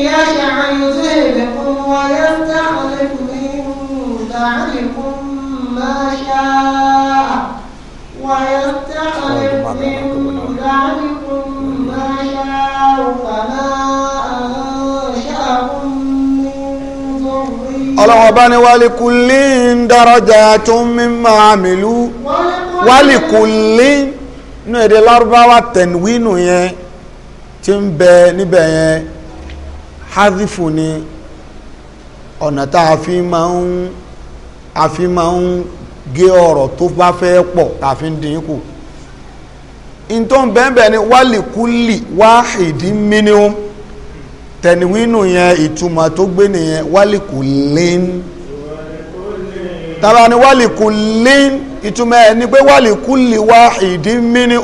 يشأ يذهبكم ويستخلف من بعدكم ما شاء ويستخلف من بعدكم ما شاء فما أنشأكم من ذرية الله أباني ولكل درجات مما عملوا nínú èdè lárúbáwá tẹ̀wínù yẹn tí ń bẹ níbẹ̀ yẹn ni ọ̀nà tá a fi máa ń a fi máa ń gé ọ̀rọ̀ tó bá fẹ́ pọ̀ fi ń dín kù ntọ́ ni wálìkúlì wáhìdí mínú tẹ̀níwínú yẹn ìtumọ̀ tó gbé nìyẹn wálìkúlín tàbí wálìkúlín ìtumọ̀ ẹ̀ ni pé wàlìkúlì wá ìdí mínú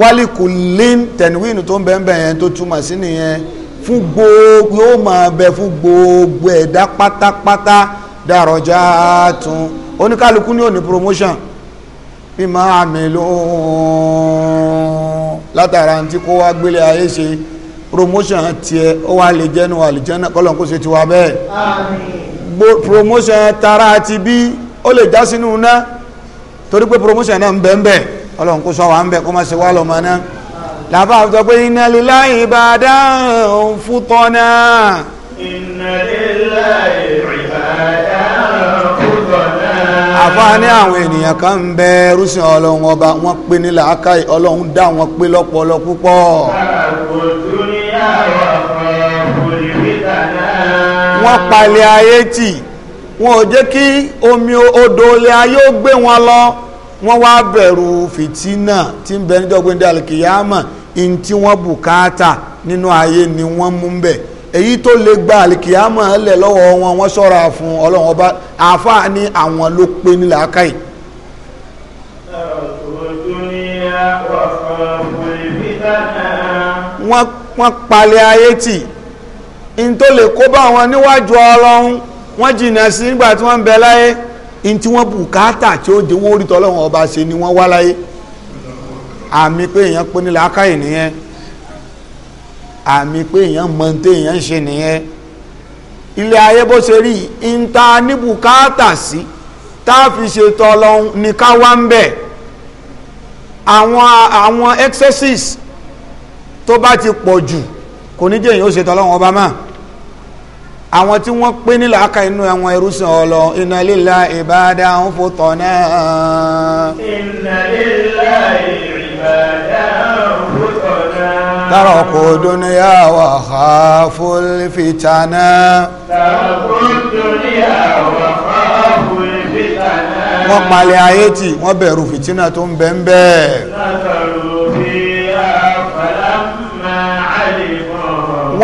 wàlìkúlì tẹ̀níwìnì tó ń bẹ̀ẹ̀bẹ̀ yẹn tó túmọ̀ sí nìyẹn fún gbogbo yóò máa bẹ fún gbogbo ẹ̀dá pátápátá dàrọ̀já tún oníkálukú ní òní promotion bí máa mi lóòrùn látara tí kó wá gbélé ayé ṣe promotion tiẹ̀ ó wá lè jẹ́nu àlìjẹ́nà kọ́lọ̀ kó bẹ́ẹ̀ promotion tara ti bí ó lè já sínú iná torí pé promotion náà ń bẹ ń bẹ ọlọ́run kó sọ wà ń bẹ kó má ṣe wá lọ́mọ náà làbá àfitọ́ pé iná lílá ìbàdàn fútọ́ náà. iná lílá ìbàdàn fútọ́ náà. àfáàní àwọn ènìyàn kan ń bẹ rúṣin ọlọ́run ọba wọ́n pé ní làákàyè ọlọ́run dá wọn pé lọ́pọlọ púpọ̀. àgbòtú ní àwọn ọ̀pọ̀ ìwé tàná. wọ́n palẹ̀ ayé tì. wọn ò jẹ́ kí omi odò ilé ayé ó gbé wọn lọ wọn wá bẹ̀rù fìtínà tí ń bẹ níjọ́ gbẹ́ndé alìkìyàmọ̀ in tí wọ́n bùkátà nínú ayé ni wọ́n mú bẹ̀ èyí tó lè gba alìkìyàmọ̀ lẹ̀ lọ́wọ́ wọn wọ́n ṣọ́ra fún ọlọ́run bá àáfàá ní àwọn ló pé nílẹ̀ akáì. wọ́n palẹ̀ ayé tì in tó lè kó bá wọn níwájú ọlọ́run wọ́n jìnà sí nígbà tí wọ́n ń bẹ láyé in tí wọ́n bùkátà tí ó jẹ́ wọ́n orí tọ́lọ́wọ́n ọba ṣe ni wọ́n wá láyé àmì pé èèyàn pé nílẹ̀ akáyè nìyẹn àmì pé èèyàn mọ ní téèyàn ń ṣe nìyẹn ilé ayé bó ṣe rí in ta ní bùkátà sí tá a fi ṣe tọ́lọ́hún ni ká wá ń bẹ̀ àwọn àwọn excesses tó bá ti pọ̀ jù kò ní jẹ́ èèyàn ó ṣe tọ́lọ́wọ́n ọba máa àwọn tí wọ́n pé nílò aka inú àwọn ẹrúsìn ọlọ iná lílá ìbáadá ń fòtọ̀ náà. iná lílá ìbáadá ń fòtọ̀ náà. tààrà ọkọ̀ dúnìyà wà ha fúlfìtànà. tààrà ọkọ̀ dúnìyà wà ha fúlfìtànà. wọ́n palẹ̀ ayé tì wọ́n bẹ̀rù fìtínà tó ń bẹ́ẹ̀ látàrú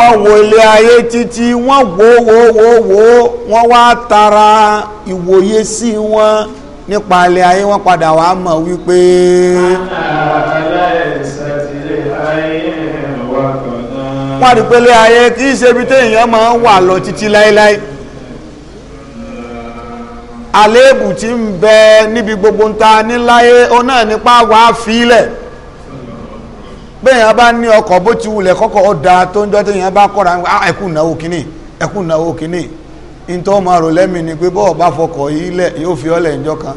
wọ́n wo ilé ayé títí wọ́n wo wo wo wo wọ́n wá tara ìwòye sí wọn nípa ilé ayé wọ́n padà wá mọ̀ wípé wọ́n rí pélé ayé kì í ṣe ibi téèyàn máa ń wà lọ títí láíláí àléébù tí ń bẹ níbi gbogbo ń ta níláyé ó náà nípa wàá fílẹ̀ bẹ́ẹ̀ yẹn bá ní ọkọ̀ bó ti wulẹ̀ kọ́kọ́ ó da tó ń jọ́ tó yẹn bá kọ́ra ah, ẹkú náwó kínní ẹkú náwó kínní ntọ́ máa rò ni pé bọ́ọ̀ bá fọkọ̀ yìí lẹ̀ yóò fi ọlẹ̀ ńjọ́ kan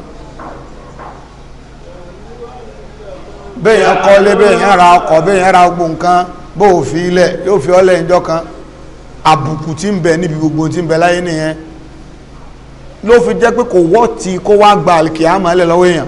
bẹ́ẹ̀ yẹn kọ́lé bẹ́ẹ̀ yẹn ra ọkọ̀ bẹ́ẹ̀ yẹn ra nǹkan fi yóò fi gba lọ́wọ́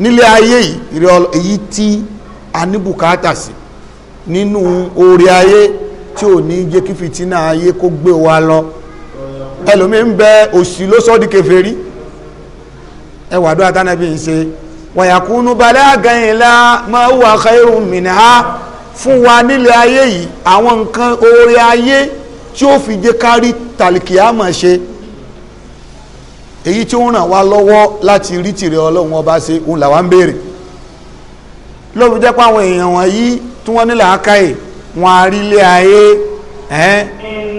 nílé ayé yìí èyí tí a ní bùkátà sí nínú orí ayé tí ò ní jẹ́ kí fìtínà ayé kó gbé wa lọ ẹlòmí ń bẹ òsì ló sọ́ di kèfèrí ẹwàdó àtànàbí ń ṣe wàyàkúnú balẹ̀ àgàyìnlá máa wà kẹrù mìnà fún wa nílé ayé yìí àwọn nǹkan orí ayé tí ó fi jẹ́ kárí tàlìkìá mọ̀ ṣe èyí tí ó ràn wá lọ́wọ́ láti rí tìrẹ ọlọ́run ọba ṣe òun làwa ń béèrè lóbi jẹ́ àwọn èèyàn wọ̀nyí tí wọ́n ní làákàyè wọn á rí ilé ayé ẹ́n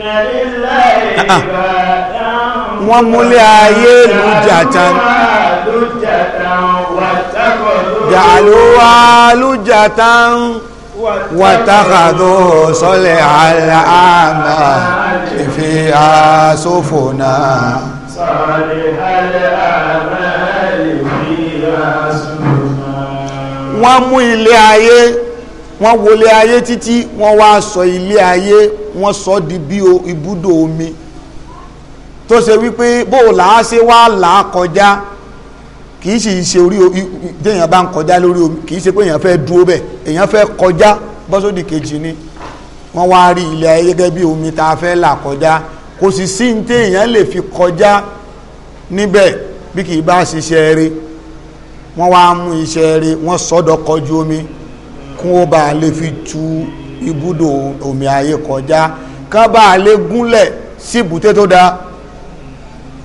ah, ah. wọ́n múlé ayé ìlú jàtàn jàlúwà lújàtàn wàtàkàdó sọlẹ̀ àlàámà ìfẹ́ àsófò náà wọ́n mú ilé ayé wọ́n wọlé ayé títí wọ́n wá sọ ilé ayé wọ́n sọ di bí ibùdó omi tó ṣe wípé bóòlà á ṣe wá làá kọjá kìí sì ṣe orí téèyàn bá ń kọjá lórí omi kìí ṣe pé èèyàn fẹ́ dúró bẹ̀ èèyàn fẹ́ kọjá bọ́sódì kejì ni wọ́n wá rí ilé ayé gẹ́gẹ́ bí omi tá fẹ́ là kọjá kò sì sí ní téèyàn lè fi kọjá níbẹ̀ bí kì í bá ṣiṣẹ́ rí wọ́n wá mú iṣẹ́ rí wọ́n sọ́dọ̀ kọjú omi kún ó bá lè fi tu ibùdó omi ayé kọjá ká bá lè gúnlẹ̀ sí ibùté tó dáa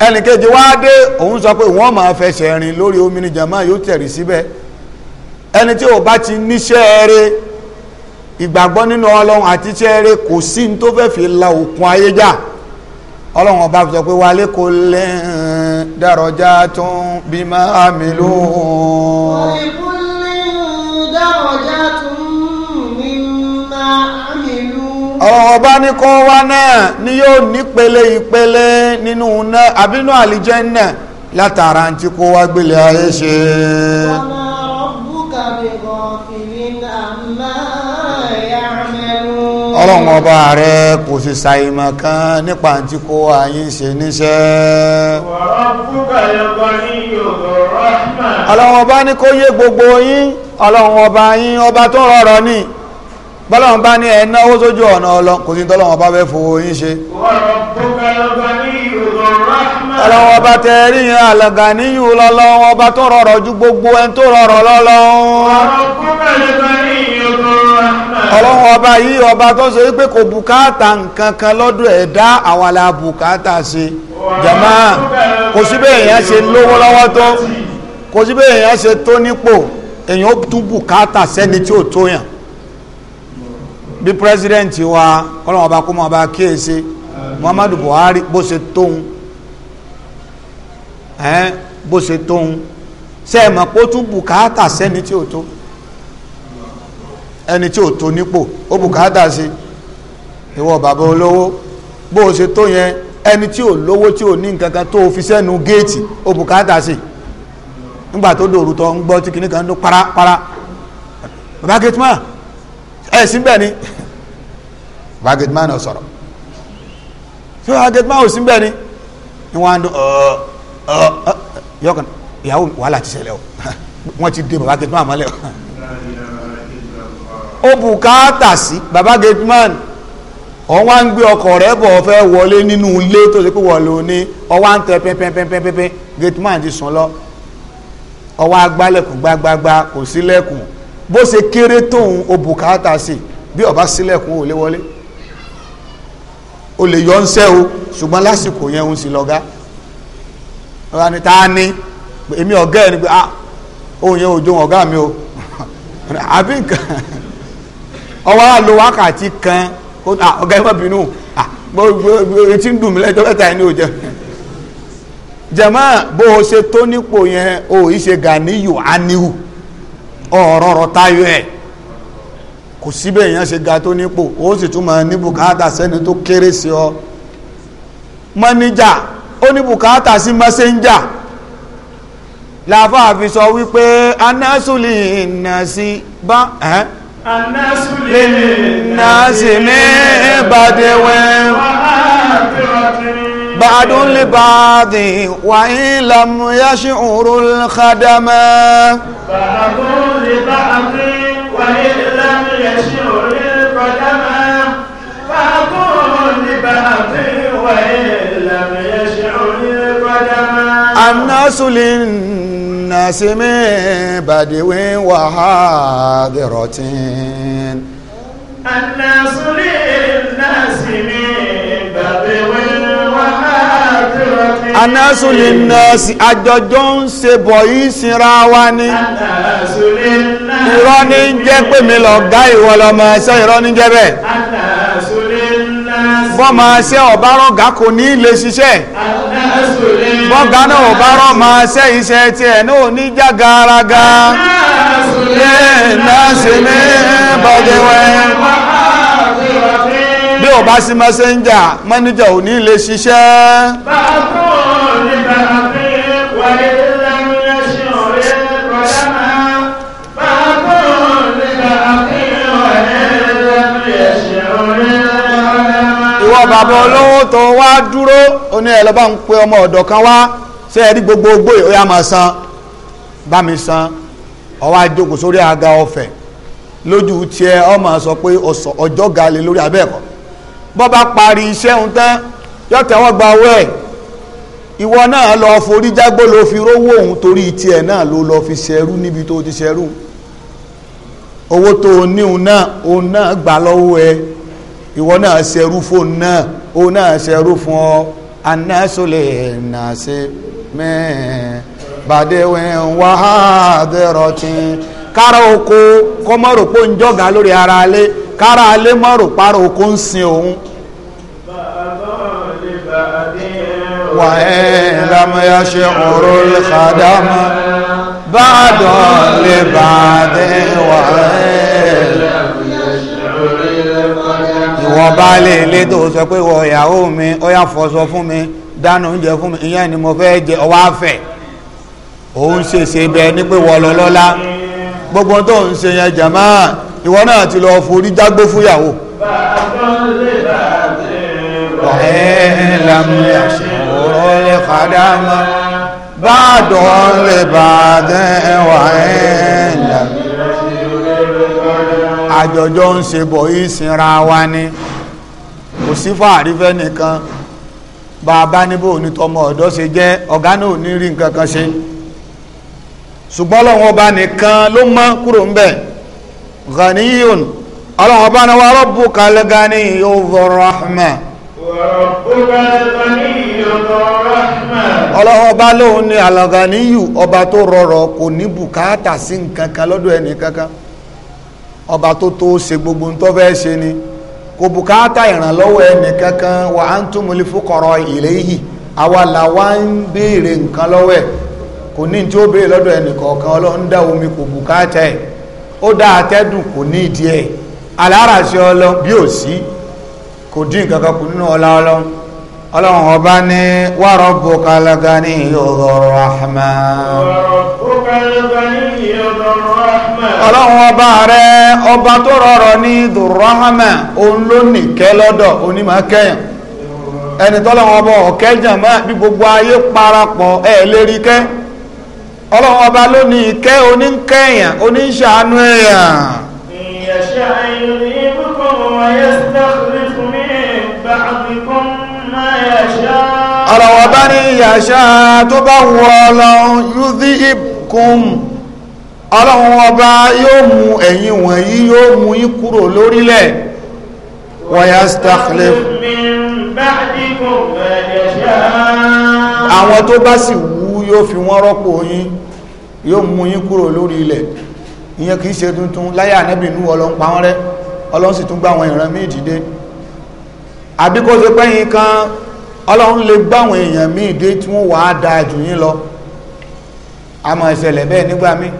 ẹnìkejì wá dé òun sọ pé wọ́n máa fẹsẹ̀ rìn lórí omi ní jama yóò tẹ̀rí síbẹ̀ ẹni tí ò bá ti níṣẹ́ rí ìgbàgbọ́ nínú ọlọ́run àti iṣẹ́ rí kò sí ní tó fẹ́ fi la òkun ayé já ja ọlọ́run ọba sọ pé wálé kò lè dárọjá tún bí máa mi ló ọ̀rọ̀ ọba ní kọ́ wá náà ní yóò nípele ìpele nínú náà àbínú àlìjẹ́ náà látara tí kó wá gbélé ayé ṣe. ọmọ ọlọ́run ọba rẹ kò sì ṣàìmọ̀ kan nípa tí kó ayé ṣe níṣẹ́ ọlọ́run ọba ní kó yé gbogbo yín ọlọ́run ọba yín ọba tó rọrọ ní bọ́lọ́run bá ní ẹ̀nà ó sójú ọ̀nà ọlọ́run kò sí tọ́lọ́run ọba fẹ́ fowó yín ṣe ọlọ́run ọba tẹ rí yín àlàgà níyù lọ́lọ́run ọba tó rọrọ ju gbogbo ẹni tó rọrọ lọ́lọ́run ọlọ́run ọba yìí ọba tó ṣe wípé kò bùkátà nǹkan kan lọ́dọ̀ ẹ̀dá àwọn alábùkátà ṣe jàmá kò sí bẹ́ẹ̀ èèyàn ṣe lówó lọ́wọ́ tó kò sí bẹ́ẹ̀ èèyàn ṣe tó nípò èèyàn ó tún bùkátà sẹ́ni tí ò tó yàn bí pírẹsidẹ́ǹtì wa ọlọ́run ọba kó mọ ọba kíyèsí Muhammadu Buhari bó ṣe tóun bó ṣe tóun ṣe é mọ̀ pé ó tún bùkátà sẹ́ni tí ò tó ẹni tí ò tó nípò ó bùkátà sí ìwọ bàbá olówó bó o ṣe tó yẹn ẹni tí ò lówó tí ò ní nǹkan kan fi sẹ́nu géètì ó bùkátà sí nígbà tó dòrú tó ń gbọ́ tí ń parapara bàbá síbẹ̀ ni bàbá sọ̀rọ̀ tí ni wọ́n á ọ̀ ọ̀ yọkàn ìyàwó ó bùkátà sí baba gateman òun wá ń gbé ọkọ̀ rẹ̀ bọ̀ fẹ́ wọlé nínú ilé tó ṣe pé wọ́n lò ní ọwá ń tẹ pẹ́pẹ́pẹ́pẹ́pẹ́ gateman ti sùn lọ ọwọ́ agbálẹ̀kùn gbagbagba kò sílẹ̀kùn bó ṣe kéré tóun ó bùkátà sí bí ó sílẹ̀kùn ò wọlé o lè yọ ń o ṣùgbọ́n lásìkò yẹn ń sì lọ́gá ọ̀gá ni ta ni èmi ọ̀gá ẹ̀ ni pé ah òun yẹn ò jó ọ̀gá mi o àbí nǹkan ọwọ́ àlọ́ wákàtí kan kó ah ọ̀gá ẹ̀ má bínú ah gbogbo etí ń dùn mí lẹ́jọ́ mẹ́ta ẹ̀ ní òjẹ́ jẹ̀mọ́ bó o ṣe tó nípò yẹn o ì ṣe gàníyù áníhù ọ̀rọ̀ ọ̀rọ̀ tayọ ẹ̀ kò síbẹ̀ èèyàn ṣe ga tó nípò ó sì tún máa ní bùkátà sẹ́ni tó kéré sí ọ mọ́níjà ó ní bùkátà sí mọ́sẹ́ńjà làáfàá fi sọ wípé anásùlì ìnà sí bá ẹ́ للناس من بدو بعد لبعض وإن لم يشعر الخدم بعد لبعض وإن لم يشعر الخدم بعد لبعض وإن لم يشعر الخدم الناس للناس الناس من بدو وحاضرة الناس للناس من بدو وحاضرة الناس للناس àjọjọ́ ń ṣe bọ̀ yìí sinra wa ni irọ́ ní jẹ́ pé mi lọ gá ìwọ lọ́mọ ẹ̀ṣọ́ irọ́ ní jẹ́ bọ́ máa ṣẹ́ ọ̀bárọ̀ gá kò ní lè ṣiṣẹ́ bọ́gá náà ọ̀bárọ̀ máa ṣẹ́ iṣẹ́ tí ẹ̀ náà ní jágaraga bí ọba sí mẹ́sẹ́ńjà mẹ́nìjà ò ní lè ṣiṣẹ́ bá kúrò nígbà bàbá olówó tó wá dúró ó ní ẹ lọ bá ń pe ọmọ ọ̀dọ̀ kan wá ṣé ẹ rí gbogbo ogbó ó yá máa san bá mi san ó wá jókòó sórí àga ọ̀fẹ́ lójú tiẹ̀ ọmọ sọ pé ọjọ́ ga lé lórí abẹ́ẹ̀kọ́ bọ́ bá parí iṣẹ́ òun tán yóò tẹ́wọ́ gba owó ẹ̀ ìwọ náà lọ forí jágbó ló fi rówó òun torí tiẹ̀ náà ló lọ fi ṣẹrú níbi tó ti ṣẹrú owó tó o níhun náà òun náà gbà lọ́wọ́ ẹ ìwọ náà ṣerú fóònù náà ó náà ṣerú fún ọ anásólè nàṣẹ mẹ́ẹ̀ bàdéwẹ̀ wàhádẹ́rọ̀tì kára oko kọ́ mọ́rò pó ń jọ́gà lórí ara alé kára alé mọ́rò pára oko ń sin òun wà ẹ́ lámọ́yá ṣe ọ̀rọ̀ lẹ́kàdámọ́ bá dọ̀ lè bàdé wà ẹ́ wọ́n bá lè lé tó sọ pé wọ́n ìyàwó mi ó yà fọṣọ fún mi dáná oúnjẹ fún mi ìyẹn ni mo fẹ́ jẹ ọwọ́ àfẹ́ òun ṣèṣe bẹ ní pé wọ́n lọ lọ́lá gbogbo tó ń ṣe yẹn jàmá ìwọ náà ti lọ forí dágbó fúyàwó. bàbá lè bàjẹ́ لم يشعر القدم بعد لبعد وإن لم àjọjọ́ ń ṣe bọ̀ yìí sinra wa ni kò sí fàárí fẹ́ nìkan bá a bá níbò ní tọmọ ọ̀dọ́ ṣe jẹ́ ọ̀gá náà ní rí nǹkan kan ṣe ṣùgbọ́n Ọlọ́run ọba nìkan ló mọ́ kúrò ń bẹ̀ ghaniyun Ọlọ́run ọba náà wà rọ́bù kalẹ̀ gani yóò vọ̀rọ̀ ahmà ọba lóhun ni alọ̀ganiyu ọba tó rọrọ̀ kò ní bùkátà sí nǹkan kan lọ́dọ̀ ẹnì kankan ọba tó tó ṣe gbogbo tó fẹ́ ṣe ni kò bùkátà ìrànlọ́wọ́ ẹnì kankan wa antumul fuqara ilayhi àwa là wá ń béèrè nǹkan lọ́wọ́ ẹ̀ kò ní tí ó béèrè lọ́dọ̀ ẹnì kọ̀ọ̀kan ọlọ́run omi kò bùkátà ẹ̀ ó dá atẹ́dùn kò ní ìdí ẹ̀ ọlọ bí ò sí kò dín kù nínú ọlá ọba ọlọ́run ọba rẹ ọba tó rọrọ ní dùrọ́hámà òun ló nìkẹ́ lọ́dọ̀ onímọ̀ kẹyàn ẹni tọ́lọ́run ọba ọ̀kẹ́ jàmá bí gbogbo ayé parapọ̀ ẹ̀ lérí kẹ́ ọlọ́run ọba ló ní ìkẹ́ oníkẹyàn oníṣàánú èèyàn ìyẹ̀ṣẹ́ ayọ̀lẹ́ ní ìyàṣá tó bá wù ọlọ́run yúdí ibùkún ọlọ́run ọba yóò mú ẹ̀yin wọ̀nyí yóò mú yín kúrò lórílẹ̀ wayastakhlif àwọn tó bá sì wú yóò fi wọ́n rọ́pò yín yóò mú yín kúrò lórí ilẹ̀ ìyẹn kìí ṣe tuntun láyé ànábì nú ọlọ́run pa wọ́n rẹ́ ọlọ́run sì tún gbá àwọn ìran míì dìde àbí pẹ́yìn kan ọlọ́run lè gbá èèyàn míì dé tí wọ́n wàá dáa jù yín lọ àmọ́ ìṣẹ̀lẹ̀ bẹ́ẹ̀ nígbà míì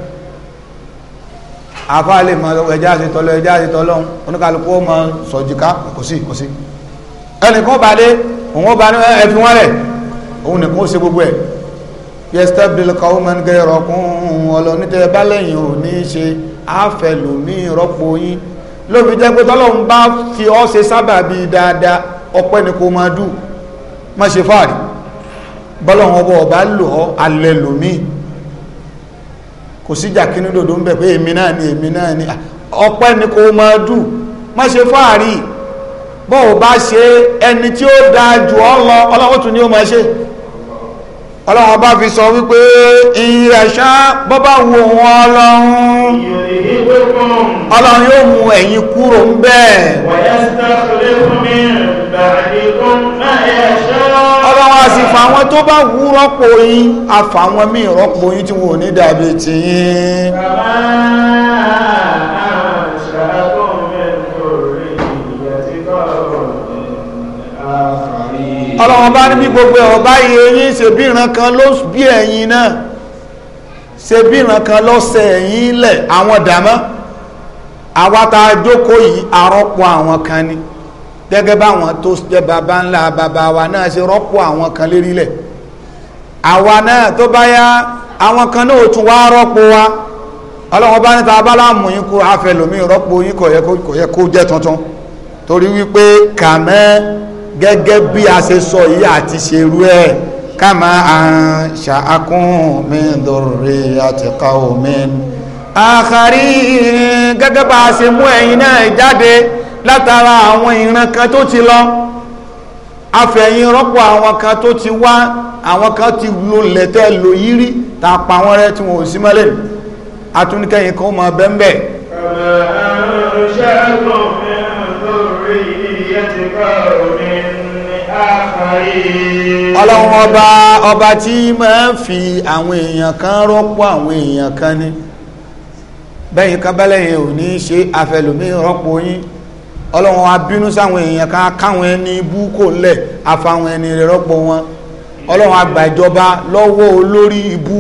àfa lè mọ ẹja àti tọlọ ẹja àti tọlọ oníkàlùkù ó mọ sọjìká kò sí kò sí ẹnìkan bá dé òun ó bá ní ẹfi wọn rẹ òun nìkan ó ṣe gbogbo ẹ yẹsítẹ́bìlì kọ́ọ́mọ́n gẹ̀rọ kún ọlọ́nìtẹ́ bálẹ̀yìn ò ní ṣe àfẹlùmí rọ́pò yín ló fi jẹ́ pé tọ́lọ́run bá fi ọ́ ṣe sábàbí dáadáa ọpẹ́ ni kò máa dù má ṣe fáàrí bọ́lọ́run ọba ọba lò ọ́ alẹ́ lòmíì kò sí jàkínú dòdó ń bẹ̀ pé èmi náà ni èmi náà ni ọpẹ́ ni kò máa dùn má ṣe fáàrí bọ́ọ̀ bá ṣe ẹni tí ó dáa jù ọ lọ ọlọ́wọ́ ni ó máa ṣe ọlọ́run bá fi sọ wípé ìrẹ̀ṣá bọ́ bá wo wọn ọlọ́run ọlọ́run yóò mú ẹ̀yin kúrò ń bẹ́ẹ̀ ọlọ́run a sì fà tó bá wú rọ́pò yín a fà rọ́pò yín tí wọn ní dàbí tìyín ọlọ́wọ́n bá níbi gbogbo ẹ̀ ọba iye yín ṣe bí ìran kan ló bí ẹ̀yin náà ṣe bí ìran kan lọ́sẹ̀ ẹ̀yin lẹ̀ àwọn dàmọ́ àwa tá a jókòó yìí àrọ́pọ̀ àwọn kan ni gẹ́gẹ́ báwọn tó jẹ́ baba ńlá baba wa náà ṣe rọ́pọ̀ àwọn kan lérílẹ̀ àwa náà tó bá yá àwọn kan náà tún wá rọ́pọ̀ wa ọlọ́wọ́n bá níta bá láàmú yín kó afẹ́lòmí rọ́pọ̀ yín kò yẹ kó jẹ́ tuntun torí wípé kàmẹ́ gẹ́gẹ́ bí a ṣe sọ yìí àti ṣerú ẹ̀ kama an sha'akun min dhurriyyati qaumin akharin gẹ́gẹ́ bá ṣe mú ẹ̀yin náà jáde látara àwọn ìran kan tó ti lọ afẹ̀yìn rọ́pò àwọn kan tó ti wá àwọn kan ti lo lẹ̀tẹ́ lò yírí ta pa wọ́n rẹ́ tí wọ́n ò sí mọ́lẹ̀ atúnikẹ́yìn kan mọ̀ bẹ́ńbẹ́ kama an sha'akun min dhurriyyati qaumin ọlọ́run ọba ọba tí máa ń fi àwọn èèyàn kan rọ́pò àwọn èèyàn kan ní bẹ́yìn kan bẹ́lẹ̀yìn ò ní ṣe afẹlòmí rọ́pò yín ọlọ́run abínú sáwọn èèyàn kan káwọn ẹni bú kò lẹ̀ afáwọn ẹni rẹ̀ rọ́pò wọn ọlọ́run àgbàjọba lọ́wọ́ olórí ibú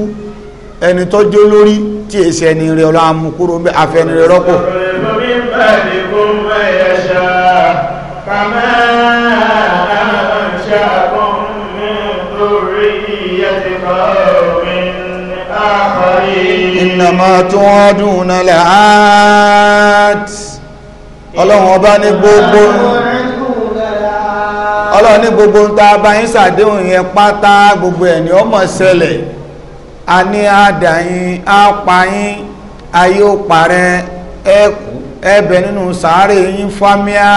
ẹni tọ́jú lórí tí èsì ẹni rẹ̀ ọlọ́run amukúrò afẹni rẹ̀ rọ́pò. ọlọ́run ẹni tó bí bá ní kó mọ̀ ẹ̀ṣá innama tu'aduna la'at ọlọ́run ọba ní gbogbo ọlọ́run ní gbogbo ń ta bá yín ṣàdéhùn yẹn pátá gbogbo ẹ̀ ni ó mọ̀ ṣẹlẹ̀ a ní àdàyìn á pa yín ayé ó parẹ́ ẹ̀kú ẹbẹ̀ nínú sàárè yín fámíà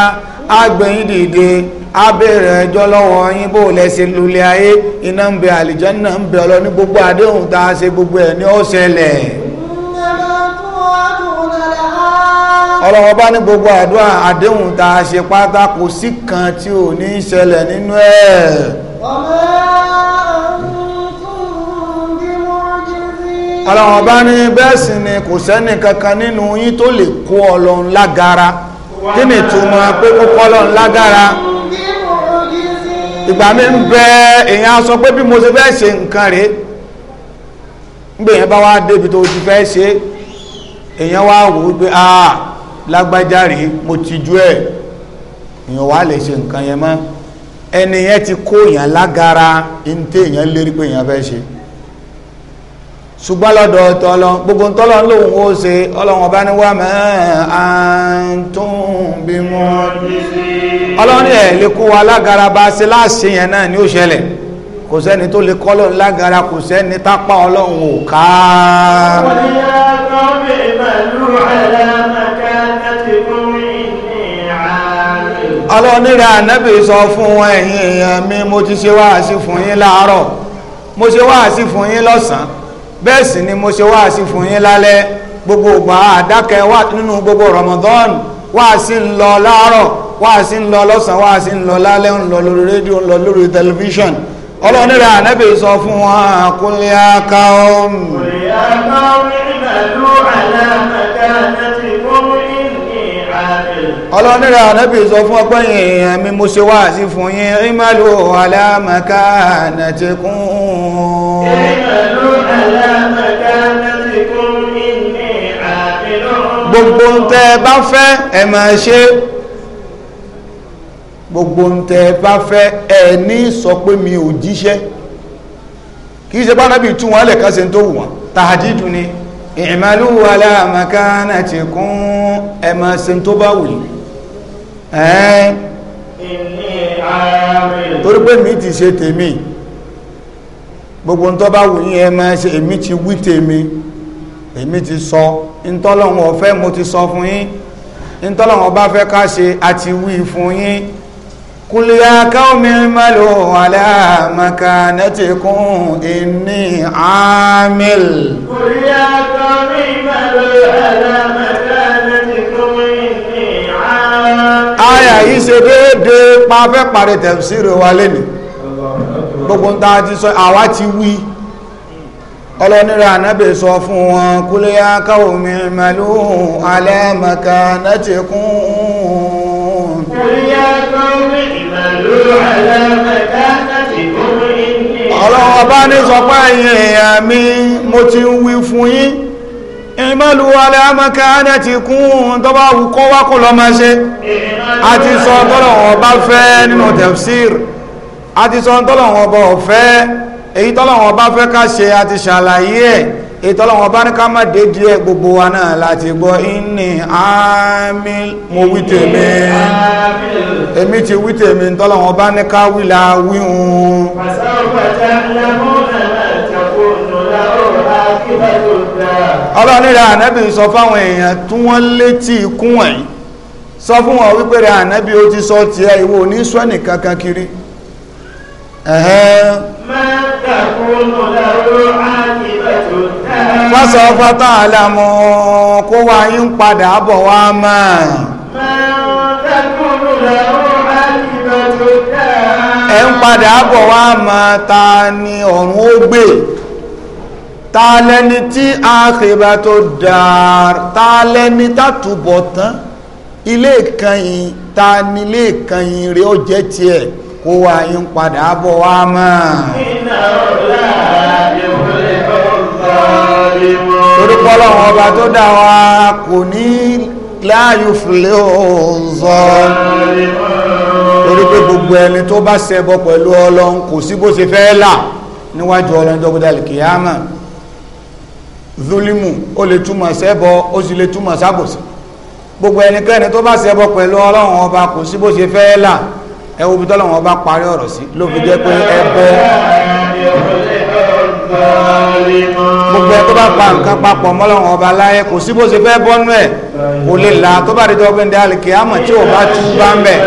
àgbẹ̀yìn dìde abẹ́rẹ̀ ẹjọ́ lọ́wọ́ yín bó lẹ́sẹ̀ lulẹ̀ ayé iná ń bẹ àlìjànnà ń bẹ ọlọ́ ní gbogbo àdéhùn tá a ṣe gbogbo ẹ̀ ní ó ọlọ́wọ́ bá ní gbogbo àdúrà àdéhùn tá ṣe pátá kò sí kan tí ò ní ṣẹlẹ̀ nínú ẹ̀ ọlọ́wọ́ bá ní bẹ́ẹ̀ ni kò sẹ́ni kankan nínú yín tó lè kó Ọlọ́run lágara kí ni túmọ̀ pé kó kọ́ Ọlọ́run lágara ìgbà mi ń bẹ èèyàn sọ pé bí mo ṣe fẹ́ ṣe nǹkan rèé ń gbèyàn bá wá débi tó ti fẹ́ ṣe èèyàn wá wò ó pé aaa lágbájáre mo ti ju ẹ̀ èèyàn wà lè ṣe nǹkan yẹn mọ́ ẹni yẹn ti kó èèyàn lágara ní èèyàn lérí pé èèyàn fẹ́ ṣe ṣùgbọ́n lọ́dọ̀ tọ́lọ gbogbo tọ́lọ lóhun ó ṣe ọlọ́run ọba ní wà mẹ́rin àtún bí ọlọ́run ẹ̀ lè kó wa lágara bá ṣe láṣẹ yẹn náà ni ó ṣẹlẹ̀ kò sẹ́ni tó lè kọ́lọ̀ lágara kò sẹ́ni tápá ọlọ́run ò ká ọlọ́run nílẹ̀ ànábì sọ fún wọn ẹ̀yin èèyàn mi mo ti ṣe wáàsí fún yín láàárọ̀ mo ṣe wáàsí fún yín lọ́sàn bẹ́ẹ̀ sì ni mo ṣe wáàsí fún yín lálẹ́ gbogbo ìgbà àdákẹ́ wà nínú gbogbo Ramadan wáàsí ń lọ láàárọ̀ wáàsí ń lọ lọ́sàn wáàsí ń lọ lálẹ́ ń lọ lórí rédíò ń lọ lórí tẹlifíṣàn ọlọ́nira ànábì sọ fún wọn kúlé aká ohun ọlọ́nira ànábì sọ fún ọgbẹ́yìn èèyàn mi mo ṣe wá sí fún yín ìmọ̀lò alámàká nàtíkún gbogbo ń tẹ́ bá fẹ́ ẹ ṣe gbogbo ń tẹ bá fẹ́ ẹ ní sọ pé mi ò jíṣẹ́ kì í ṣe bá nábì tún wọn lè kán ṣe tó wù wọn tàdídù ni i'malu ala makanatikum ẹ máa ṣe tó bá wù yìí torí pé mi ti ṣe tèmi gbogbo ń tọ́ bá wù yín ẹ ṣe èmi ti wí tèmi èmi ti sọ ntọ́lọ́hún ọ̀fẹ́ mo ti sọ fún yín ntọ́lọ́hún ọba fẹ́ ká ṣe àti wí fún yín قل يا قوم اعملوا على مكانتكم إني عامل قل يا قوم اعملوا على مكانتكم إني عامل Àyà yìí ṣe déédéé pa fẹ́ parí tẹ̀fsírì Gbogbo ń ta ti sọ, àwa ti wí. Ọlọ́nira ànábì sọ fún wọn, قل يا قوم اعملوا على مكانتكم. قل يا قوم ọlọ́run ọba ní sọ pé ẹ̀yin èèyàn mi mo ti ń wí fún yín ìmọ̀lù alẹ́ amọ́ká ẹ̀ ti kún tó bá wù kọ́ wá kó lọ máa ṣe a ti sọ tọ́lọ̀wọ̀n ọba fẹ́ nínú tafsir a ti sọ tọ́lọ̀wọ̀n ọba ọ̀fẹ́ èyí tọ́lọ̀wọ̀n ọba fẹ́ ká ṣe a ti ṣàlàyé ẹ̀ ìtọ́lọ́wọ́n bá ní ká má dé díẹ̀ gbogbo wa náà láti gbọ́ inni àmì mo wí tèmi èmi ti wí tèmi ìtọ́lọ́wọ́n bá ní ká wílà wíhun ọlọ́ni rẹ̀ ànábì sọ fáwọn èèyàn tí wọ́n létí ikún ẹ̀ sọ fún wọn wípé rẹ̀ ànábì ó ti sọ ti ẹ ìwò ní sọ́ẹ̀nì kankan kiri ẹ̀hẹ́ mẹ́tàkùnlọ́rọ̀ àkíbẹ̀tò fọ́sọ̀fọ́ tààlàmù kó wá yín padà bọ̀ wá máa ẹ ń padà bọ̀ wá máa ta ni ọ̀run ó gbé ta lẹni tí àkèbà tó dáa ta lẹni tàtúbọ̀ tán ilé ìkànnì ta ni ilé ìkànnì rẹ̀ ó jẹ́ tiẹ̀ kó wá yín padà bọ̀ wá máa. nínú orúkọ ọlọ́run ọba tó dá wa kò ní láàyò fìlẹ̀ ọ̀zọ́ torí pé gbogbo ẹni tó bá ṣẹbọ pẹ̀lú ọlọ́run kò sí bó ṣe fẹ́ là níwájú ọlọ́run tó gbọdọ̀ kìyàmà zulimu ó lè túmọ̀ ṣẹbọ ó sì lè túmọ̀ sábòsí gbogbo ẹnikẹ́ni tó bá ṣẹbọ pẹ̀lú ọlọ́run ọba kò sí bó ṣe fẹ́ là ẹ wo bí tọ́lọ́run ọba parí ọ̀rọ̀ sí ló fi jẹ́ pé ẹ bọ́ gbogbo ẹ bá pa nǹkan papọ̀ mọ́lọ́run ọba láyé kò sí bó ṣe fẹ́ bọ́nú ẹ̀ kò lè là tó bá dídọ́ ọgbẹ́ndẹ́ àlèkè àmọ̀ tí ò bá tú bá ń bẹ̀.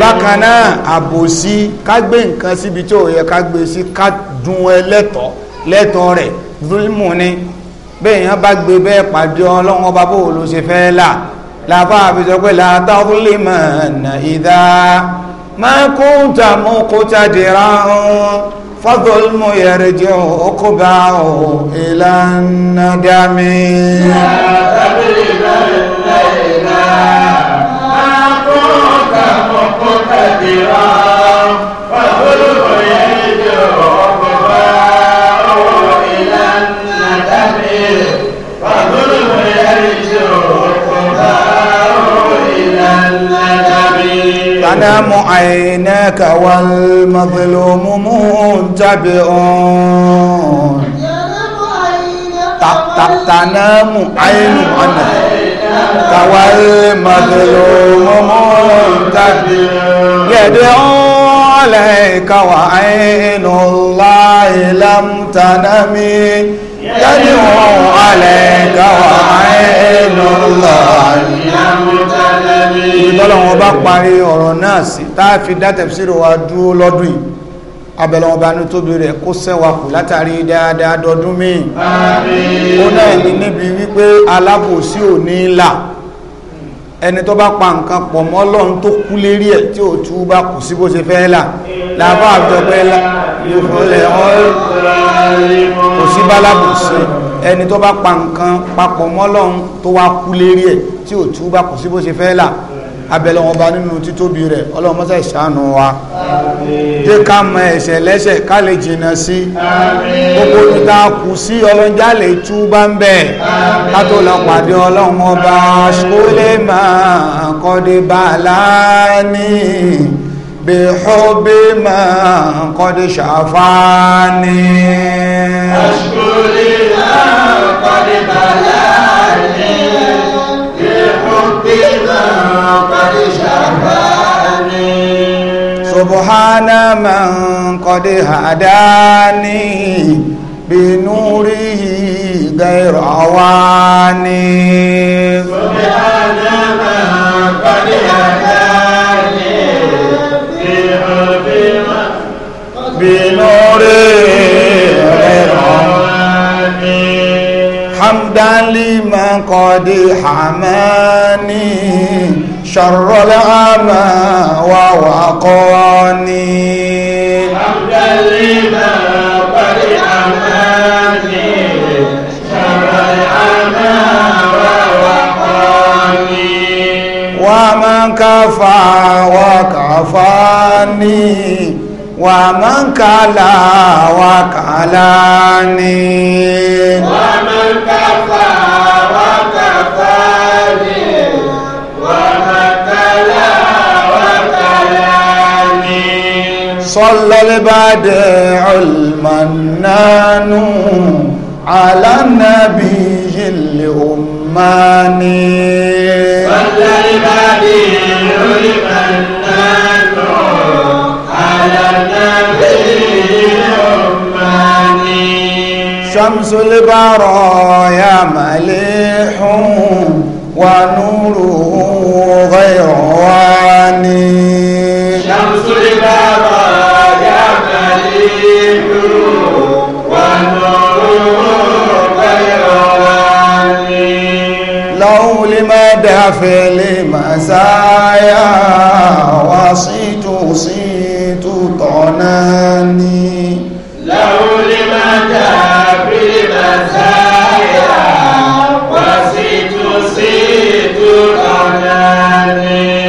bákan náà àbòsí ká gbé nǹkan síbi tí ò yẹ ká gbé sí ká dun ẹ lẹ́tọ̀ọ́ lẹ́tọ̀ọ́ rẹ̀ dúlímù ni bẹ́ẹ̀ yẹn bá gbé bẹ́ẹ̀ pàdé ọlọ́run ọba bó ló ṣe fẹ́ là làbá àbíjọ pé làtàdúlímù náà ìdá ما كنت مقتدرا فظلم يرجع عقباه إلى الندم إنك والمظلوم منتبئون تنام عين عنك كوالمظلوم منتبئون يدعو عليك وعين الله لم تنمي تدعو عليك وعين الله ìtọ́lọ́wọ́n bá parí ọ̀rọ̀ náà sí táà fi dá tẹ̀síìrì wa dúró lọ́dún yìí abẹ̀lọ́wọ́n bá ní tóbi rẹ̀ kó sẹ́wàkù látàrí dáadáa dọdún míì ó náà ní níbi wípé alábòsí ò ní là ẹni tó bá pa nǹkan pọ̀ mọ́ Ọlọ́run tó kú lérí ẹ̀ tí ò tú bá kù sí bó ṣe fẹ́ là làbá àjọpẹ́ ìfọlẹ̀ kò sí bálábù sí ẹni tó bá pa nǹkan papọ̀ mọ́ Ọlọ́run tó wá kú lérí ẹ̀ tí ò tú bá kù sí bó ṣe fẹ́ là abẹ́lẹ̀ wọn bá nínú títóbi rẹ̀ ọlọ́run mọ́sá ìṣàánú wa dé ká mọ ẹ̀ṣẹ̀ lẹ́ṣẹ̀ ká lè jìnà sí gbogbo níta kù sí ọlọ́njà lè tú bá ń bẹ̀ ká lọ pàdé ọlọ́run ọba ṣólé máa kọ́dé bá láàánì bíhóbí máa kọ́dé ṣàfáàní. ṣólé máa kọ́dé bá láàánì. سبحان من قد هداني بنوره غير عواني سبحان من قد هداني بنوره غير عواني حمدا لمن قد حماني شر العمى ووقاني حمدا لما قد أماني شر العمى ووقاني ومن كفى وكفاني ومن كلا وكلاني ومن كفى صلى البديع المنان على النبي الأماني صلى البديع المنان على النبي الأماني شمس البرايا مليح ونوره غير واني شمس البرايا في المسايا وصيت صيت طناني له لمن في المسايا وصيت صيت طناني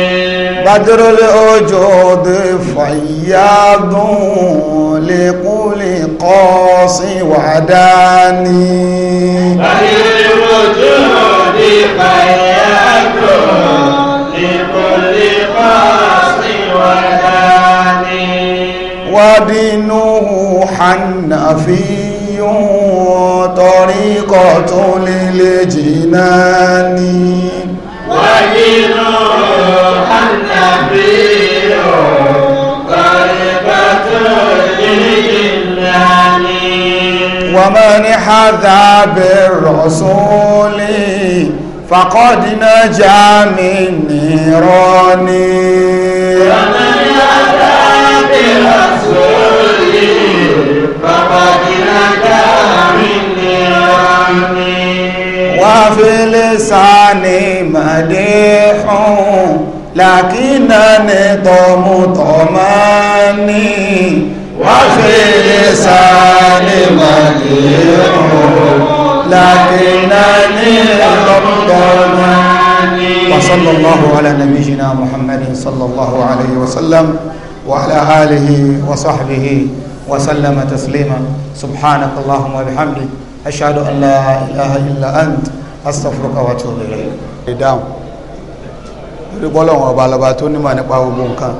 بدر الوجود فياض لكل قاص وعداني بدر الوجود فياض نوحا حنفي طريقة للجنان ودينه حنفي ومن حذى بالرسول فقد نجا من نيران ومن حذى بالرسول وفي لساني مديح لكنني طم طماني وفي لساني مديح لكنني طم طماني وصلى الله على نبينا محمد صلى الله عليه وسلم وعلى آله وصحبه وسلم تسليما سبحانك اللهم وبحمدك أشهد أن لا إله إلا أنت أستغفرك وأتوب إليك ìdáhùn lórí bọ́lọ̀wọ̀n ọba alọba tó nímọ̀ nípa gbogbo nǹkan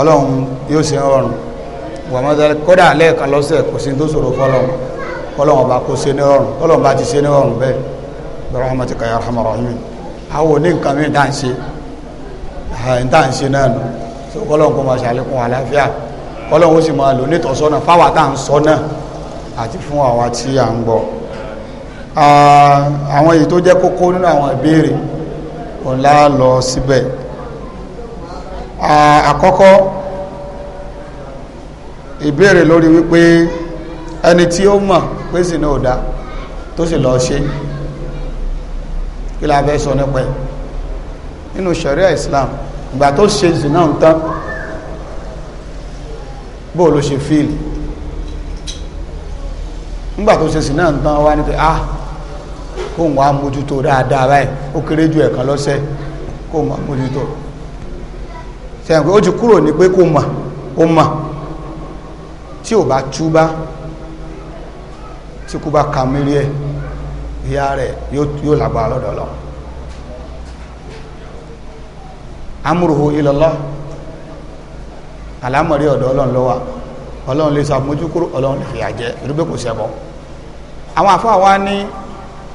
ọlọ́run yóò ṣe rọrùn wọ̀mọ́sálẹ̀ kódà lẹ́ẹ̀kan lọ́sẹ̀ kò sí tó ṣòro fọ́lọ́run kọ́lọ́run ọba kó ṣe ní rọrùn kọ́lọ́run bá ti ṣe ní rọrùn bẹ́ẹ̀ rahmatika ya rahman rahim àwọn òní nǹkan mi tá à ń ṣe ẹ̀hìn tá à ń ṣe náà nù tó kọ́lọ́n kó máa ṣàlékún àlàáfíà kọ́lọ́n ó sì máa lò nítọ̀sọ́nà fáwa tá à ń sọ náà àti fún àwa tí à ń gbọ́ àwọn èyí tó jẹ́ kókó nínú àwọn ìbéèrè òun lọ síbẹ̀ àkọ́kọ́ ìbéèrè lórí wípé ẹni tí ó mọ̀ pé sì ní ò dá tó sì lọ ṣe é kí la fẹ́ sọ nípa ẹ̀ nínú sharia islam ìgbà tó ṣe zina ń tán bó ló ṣe fíìlì nígbà tó ṣe zina ń tán wá ní pé ah kó ń wá mójútó dáadáa báyìí ó kéré ju ẹ̀kan lọ́sẹ̀ kó ń wá mójútó ó ti kúrò ní pé kó mà ó mà tí ò bá túbá tí kú bá kàmírí ẹ̀ ìyá rẹ̀ yóò lágbára lọ́dọ̀ lọ amúrùhù ilallah àlámọ̀rí ọ̀dọ̀ ọlọ́run ló ọlọ́run lè sàmójúkúrò ọlọ́run lè fìyà jẹ ìrúgbé kò ṣẹbọ àwọn àfáà wa ní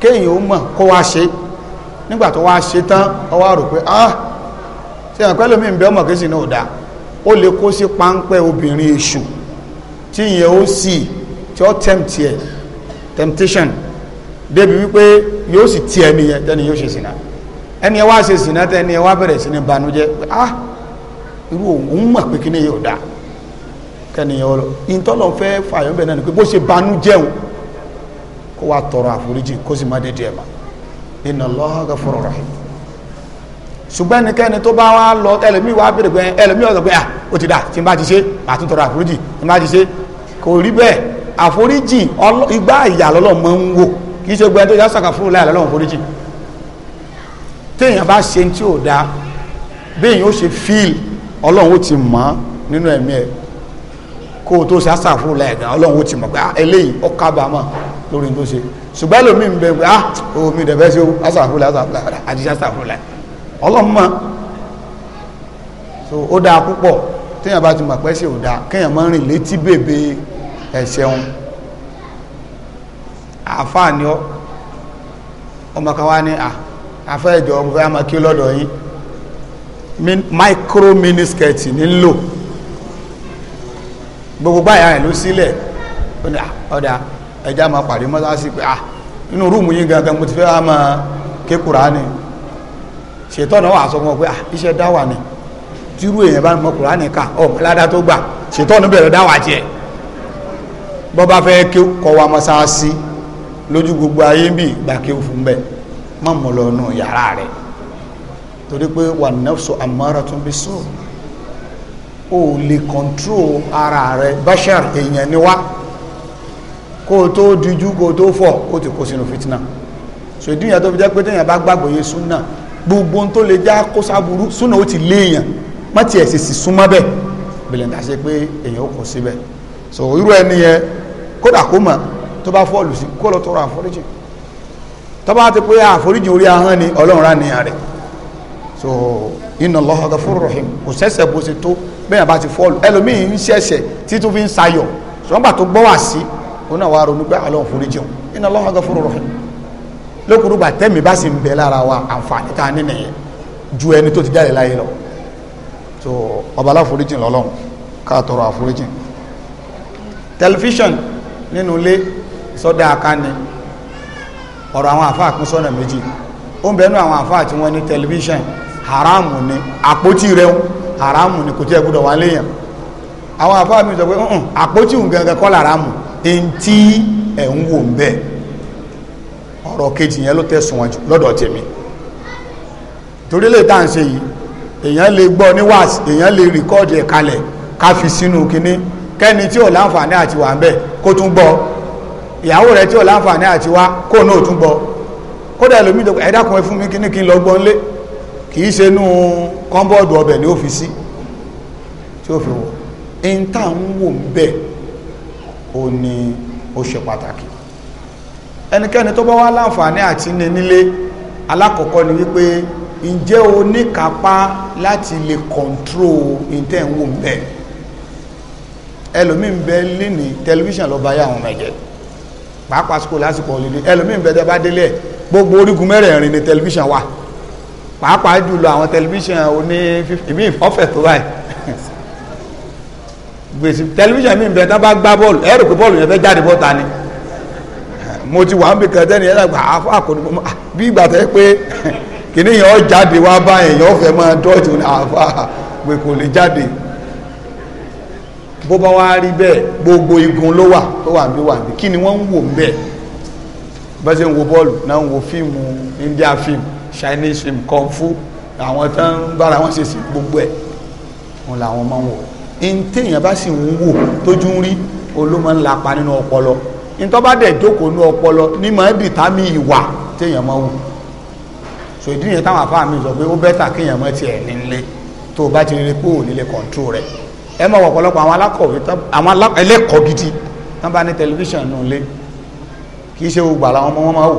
kéèyàn ó mọ̀ kó wá ṣe nígbà tó wá ṣe tán ó wá rò pé ah ṣe hàn pẹ́lú mi ń bẹ́ ọmọ kí sì náà dá ó lè kó sí páńpẹ́ obìnrin èṣù tí ìyẹn ó temptation débi wípé yóò sì ti ẹni yẹn tẹ́ni yóò ṣe sìnà ẹni ẹ wá ṣe sìnà tẹ́ni ẹ wá bẹ̀rẹ̀ sí ní banújẹ́ pé ah irú òun mọ̀ pé kíní yóò dáa kẹ́niyàn ọlọ́ ìntọ́lọ̀ fẹ́ fàyọ́ bẹ̀ náà ni pé bó ṣe banú jẹun kó wá tọrọ àforíjì kó sì má dédé ẹ̀mà inna Allaha ghafurur rahim ṣùgbọ́n ẹnikẹ́ni tó bá wá lọ ẹlẹ́mí wá bèrè pé ẹlẹ́mí ọ̀sán pé ah, ó ti dà tí n bá ti ṣe màá tún tọrọ àforíjì tí n bá ti ṣe kò rí bẹ́ẹ̀ àforíjì igbá ìyà mọ́ ń wò kì í ṣe gbẹ́ tó yá sàkà fún láì lọ́wọ́ foríjì téèyàn bá ṣe tí ò dáa béèyàn ó ṣe fíìl ọlọ́run ó ti mọ̀ nínú ẹ̀mí ẹ̀ kó o tó ṣe àṣàfún láì gan ọlọ́run ó ti mọ̀ pé ah, eléyìí ó kábàámọ̀ lórí tó ṣe ṣùgbọ́n ẹlòmíì ń bẹ pé ah omi ìdẹ̀fẹ́ ṣe àṣàfún láì àti àṣàfún láì ọlọ́run mọ̀ so ó dáa púpọ̀ téèyàn bá ti mọ̀ pẹ́ ṣe ò dáa kéèyàn máa rìn létí bèbè ẹ̀ṣẹ̀ wọn àfáà ni ọ ọmọ kan wá ní à àfẹ́ ìjọ mo fẹ́ máa kí yín micro mini skirt ń lò gbogbo báyà rẹ̀ ló sílẹ̀ ọ̀dà ẹja máa pàdé mọ́sáàsì pé à nínú rúùmù yín gangan mo ti fẹ́ máa ké kùránì ṣètọ́nà wà sọ fún ọ pé à èèyàn bá mọ ká tó gbà wa lójú gbogbo ayé ń bì gbàkí òfin bẹ má mọ̀ lọ nù yàrá rẹ̀ torí pé wà nafsu ammaratun bisu o lè kọ̀ntró ara rẹ̀ bashar èèyàn ni wá kó o tó dijú kó o tó fọ̀ ó ti kó sínú fitna ṣèdí ìyàn tó fi jẹ́ pé téèyàn bá gbàgbọ́ yé súnà gbogbo ohun tó lè já kó sáburú súnà ó ti léèyàn má tiẹ̀ sì sì súnmọ́ bẹ́ẹ̀ bìlẹ̀ ń dá sí pé èèyàn ó kọ̀ síbẹ̀ so irú ẹni yẹn kódà kó mọ̀ tó bá fọ́ọ̀lù sí kó lọ tọrọ àforíjì tó bá ti pé àforíjì orí ahọ́n ni ọlọ́run rá nìyàn rẹ̀ so inna Allaha ghafurur rahim kò sẹ́sẹ̀ bó ṣe tó bẹ́ẹ̀ bá ti fọ́ọ̀lù ẹlòmíì ń ṣẹ̀ṣẹ̀ tí tó fi ń sayọ̀ ṣùgbọ́n gbà tó gbọ́ wà sí òun náà wàá ronú pé ọlọ́run foríjì òun inna Allaha ghafurur rahim lókùrúgbà tẹ́mi bá sì ń bẹ lára wa àǹfààní tá a ní nìyẹn ju ẹni tó ti jáde láyé lọ so ọba aláforíjì lọ́lọ́run ká tọrọ àforíjì tẹlifíṣàn nínú ilé sọ́dá akáni ọ̀rọ̀ àwọn àfáà kún sọ́nà méjì ó ń bẹ̀rẹ̀ àwọn àfáà tí wọ́n ní tẹlifíṣàn haramu ni àpótí rẹ̀ haramu ni kò tí ẹ gbọ́dọ̀ wà léèyàn àwọn àfáà mi sọ pé àpótí òun gangan kọ́ làrámù ẹni tí ẹ̀ ń wò ń bẹ́ẹ̀ ọ̀rọ̀ kejì yẹn ló tẹ̀sùn wọn jù lọ́dọ̀ tèmi torí lè tá à ń ṣe yìí èèyàn lè gbọ́ ní wáàsì èèyàn lè rìkọ́ọ̀dì ẹ̀ kalẹ̀ ká sínú kinní kẹ́ni tí ò láǹfààní àti wà ń bẹ̀ kó tún gbọ́ ìyàwó rẹ̀ tí ò láǹfààní àti wá kó náà tún gbọ́ kódà ẹlòmí tó ẹ̀dàkùn ẹ fún mi kíní kí n lọ gbọ́n lé kì í ṣe inú kọ́ńbọ́ọ̀dù ọbẹ̀ ní ọ́fíìsì tí ó fi wọ̀ ẹni tá à ń wò ń bẹ̀ ó ní ó ṣe pàtàkì ẹnikẹ́ni tó bá wá láǹfààní àti ní nílé alákọ̀ọ́kọ́ ni wípé ǹjẹ́ o níkápá láti lè kọ̀ntró ìtẹ̀ ń wò ń ẹlòmí ń bẹ lẹ́ni tẹlifíṣàn lọ́ba yá àwọn ọmọ pàápàá sukù lásìkò òlìdí ẹlòmíì bẹ̀rẹ̀ bá délé ẹ̀ gbogbo orígun mẹ́rẹ̀ẹ̀rin ni tẹlifíṣàn wà pàápàá jùlọ àwọn tẹlifíṣàn oní ìmí ọ̀fẹ́ tó báyìí gbèsè tẹlifíṣàn mi bẹ̀ tán bá gbá bọ́ọ̀lù ẹ̀rù pé bọ́ọ̀lù yẹn fẹ́ jáde bọ́ta ni mo ti wà ń bì kan tẹ́ni ẹ̀dàgbà àfọ àkọ́ni bí ìgbà tẹ́ pé kìnìyàn jáde wá báyìí yẹn ọ̀fẹ́ máa dọ́ọ̀tì àfọ ah, àgbẹ̀kọ̀ lè jáde bó bá wá rí bẹ́ẹ̀ gbogbo igun ló wà tó wà bí wà bí kí ni wọ́n ń wò ń bẹ́ẹ̀ bá ṣe ń wo bọ́ọ̀lù náà ń wo fíìmù India film, Chinese film, kung fu àwọn tó ń bára wọn ṣe sí gbogbo ẹ̀ wọn làwọn máa ń wò ń téèyàn bá sì ń wò tójú ń rí olómọ ńlá pa nínú ọpọlọ ntọ́ bá dẹ̀ jókòó nínú ọpọlọ ní mọ̀ ẹ́ dìtámì ìwà téèyàn máa wò so ìdí yẹn táwọn afáàmì sọ pé ó bẹ́tà kéèyàn mọ́ tiẹ̀ nílé tó o bá ti rí pé ò nílé kọ̀ǹtró rẹ̀ ẹ mọ̀ ọ̀pọ̀lọpọ̀ àwọn alákọ̀wé àwọn ẹlẹ́kọ̀ọ́ gidi wọ́n bá ní tẹlifíṣàn nù lé kì í ṣe gbogbo àwọn ọmọ wọn máa wò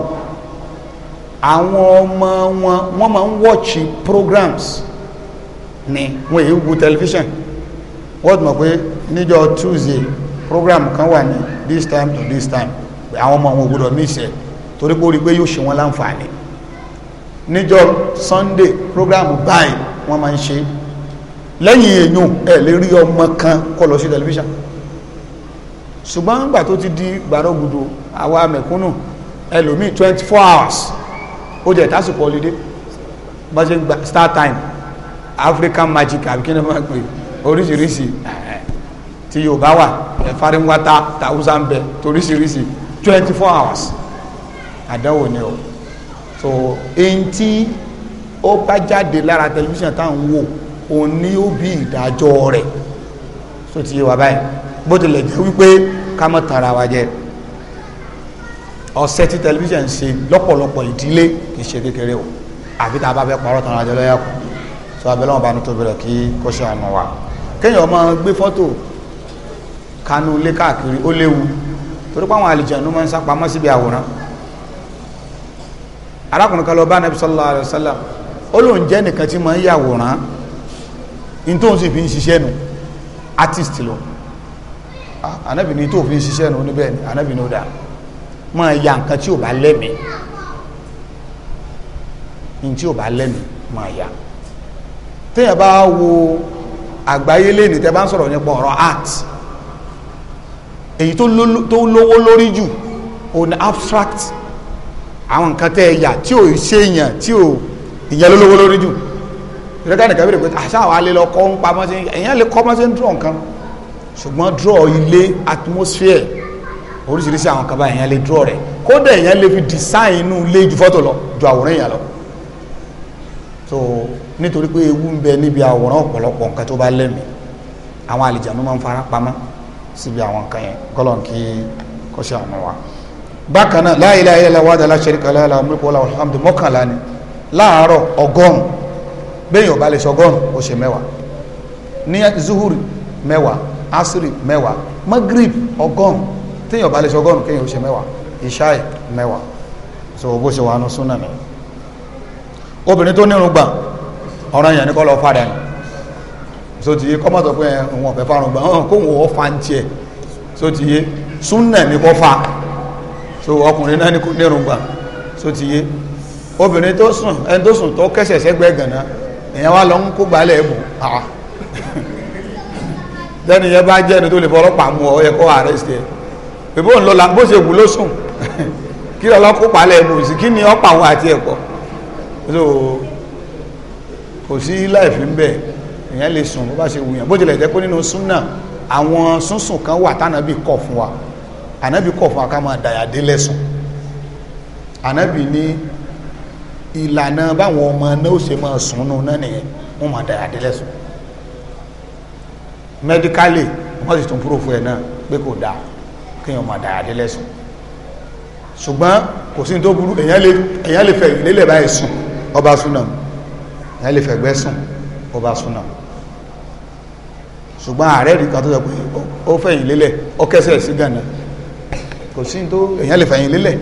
àwọn ọmọ wọn wọ́n máa ń wọ́ọ̀chì programs ni wọ́n èyí wo tẹlifíṣàn wọ́n mọ̀ pé níjọ́ Tuesday program kan wà ní this time to this time àwọn ọmọ wọn ò gbọdọ̀ mí ìṣẹ́ torí pé ó pé yóò ṣe wọn láǹfààní níjọ́ Sunday program báyìí wọ́n máa ń ṣe é lẹ́yìn èèyàn ẹ̀ lè rí ọmọ kan kọ lọ sí tẹlifíṣàn ṣùgbọ́n nígbà tó ti di gbàrọ́gbùdù àwa mẹ̀kúnnù ẹlòmíì twenty four hours ó jẹ́ tásìkò ọlídé bá ṣe ń gba star time african magic àbí kí ni wọ́n pè oríṣiríṣi tí yorùbá wà ẹ̀fáríwátá tàwùsà bẹ toríṣiríṣi twenty four hours àdánwò ni o so eyín tí ó bá jáde lára tẹlifíṣàn táwọn ń wò òun ni ó bí ìdájọ́ rẹ̀ tó ti yé wa báyìí bó tilẹ̀ jẹ́ wípé ká má tara wa jẹ ọ̀sẹ̀ tí tẹlifíṣàn ṣe lọ́pọ̀lọpọ̀ ìdílé kì í ṣe kékeré o àfi tá a bá fẹ́ parọ́ tara jẹ lọ́yà kù tó abẹ́lẹ́ wọn bá ní tó bẹ̀rẹ̀ kí kó ṣe àná wa kéèyàn máa gbé fọ́tò kanú ilé káàkiri ó léwu torí pé àwọn àlìjẹ̀nu máa ń sá síbi àwòrán arákùnrin kan lọ bá anabi sallallahu alayhi wa sallam ó lóun jẹ́ nìkan tí máa ń yàwòrán in tó ń sì fi ń ṣiṣẹ́ nu artist lọ anábì ní tó fi ń ṣiṣẹ́ nu níbẹ̀ ni anábì ní ó dáa máa ya nǹkan tí ò bá lẹ́mí in tí ò bá lẹ́mí máa ya téèyàn bá wo àgbáyé lẹ́ni tẹ́ bá ń sọ̀rọ̀ nípa ọ̀rọ̀ art èyí tó lówó lórí jù òun ni abstract àwọn nǹkan tẹ́ ẹ yà tí ò ṣe èèyàn tí ò ìyẹn lówó lórí jù ìrẹ́kànnì kan bèrè pé àṣà àwọn alẹ́ lọ kọ́ ń pamọ́ sí ẹ̀yìn alẹ́ kọ́ mọ́ sí ń dúró nǹkan ṣùgbọ́n dúró ilé atmosphere oríṣiríṣi àwọn kaba èèyàn lè dúró rẹ̀ kódà èèyàn lè fi design inú ilé ju fọ́tò lọ ju àwòrán èèyàn so nítorí pé ewu ń bẹ níbi àwòrán ọ̀pọ̀lọpọ̀ nǹkan tó bá lẹ́mìí àwọn àlìjànú máa ń fara pamọ́ síbi àwọn nǹkan yẹn kọ́lọ̀ kí kọ́ṣẹ́ àwọn wa bákan náà la ilaha illa Allah wahdahu la sharika lahu lahul mulku mọ́kànlá ni láàárọ̀ ọgọ́rùn-ún bẹ́yìn ọba lè ṣọgọ́rùn ó ṣe mẹ́wàá ní zuhuri mẹ́wàá asiri mẹ́wàá magrib ọgọ́rùn tẹ́yìn ọba lè ṣọgọ́rùn kéyìn ó ṣe mẹ́wàá ishai mẹ́wàá so bó ṣe wà nù súnà mi obìnrin tó nírun gbà ọ̀ràn yẹn ní kọ́ lọ fàdà ni so ti yé kọ́mọ̀ sọ pé òun ọ̀fẹ́ fárun gbà hàn kó òun ọ̀ fa ń tiẹ̀ so ti yé súnà ní kọ́ fa so ọkùnrin náà nírun gbà so ti yé obìnrin tó sùn ẹni tó sùn tó kẹsẹ̀ sẹ́gbẹ́ gànà èèyàn wá lọ ń kó gbalẹ̀ ẹ̀mù àá ah. lẹ́nu yẹn bá jẹ́ ẹni tó lè fọ́ ọlọ́pàá mú ọ yẹ kó arrest ẹ bíbó ń lọ la bó ṣe wù ló sùn kí lọ́lọ́ kó gbalẹ̀ ẹ̀mù sí kí ni ọ̀pá àwọn àti ẹ̀kọ́ so kò sí láìfí ń bẹ èèyàn lè sùn bó bá ṣe wù yàn bó tilẹ̀ jẹ́ pé nínú súnà àwọn súnsùn kan wà tánàbí kọ̀ fún wa ànábì kọ̀ fún wa ká máa dàyàdé lẹ́sùn ànábì ní ìlànà báwọn ọmọ náà ó ṣe máa sùnnú náà nìyẹn wọ́n máa dàyà délẹ̀ sùn mẹ́díkálì wọ́n sì tún púrófù ẹ̀ náà pé kò dáa kéèyàn máa dàyà délẹ̀ sùn ṣùgbọ́n kò sí tó burú èyàn lè fẹ́ ìlélẹ̀ báyìí sùn ọba súnà èyàn lè fẹ́ gbẹ́ sùn ọba súnà ṣùgbọ́n ààrẹ rí kan tó sọ pé ó fẹ́ sí gànà kò sí tó èyàn lè fẹ́ ìlélẹ̀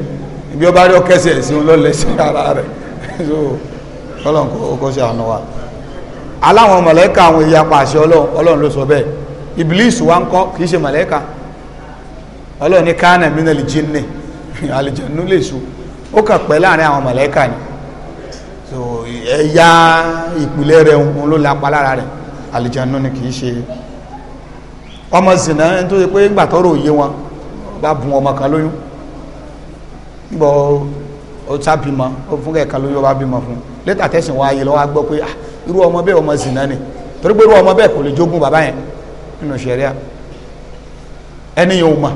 ibi ọba rí ọkẹsẹ̀ sí wọn lọ́lẹ̀ sí ara rẹ̀ so ọlọ́run ṣe àánú wa aláwọn mọ̀lẹ́kà àwọn ìyapa àṣẹ ọlọ́run ọlọ́run ló sọ wa ń kọ́ kìí ṣe mọ̀lẹ́kà ọlọ́run ní kánà mínà lè jí ní lè so ó kà pẹ́ láàrin àwọn ni so ni ṣe ọmọ zìnà tó ṣe pé gbàtọ́rọ̀ òye wọn bá bùn ọmọ kan ó sá bímọ ó fún kẹ̀kẹ́ lóyún ó bá bímọ fún létà tẹ̀sán wa yẹ lọ́wọ́ gbọ́ pé ah, irú ọmọ bẹ́ẹ̀ ọmọ zìnà ni torí pé irú ọmọ bẹ́ẹ̀ kò lè jogún bàbá yẹn nínú sẹ̀ríà ẹni yóò mọ̀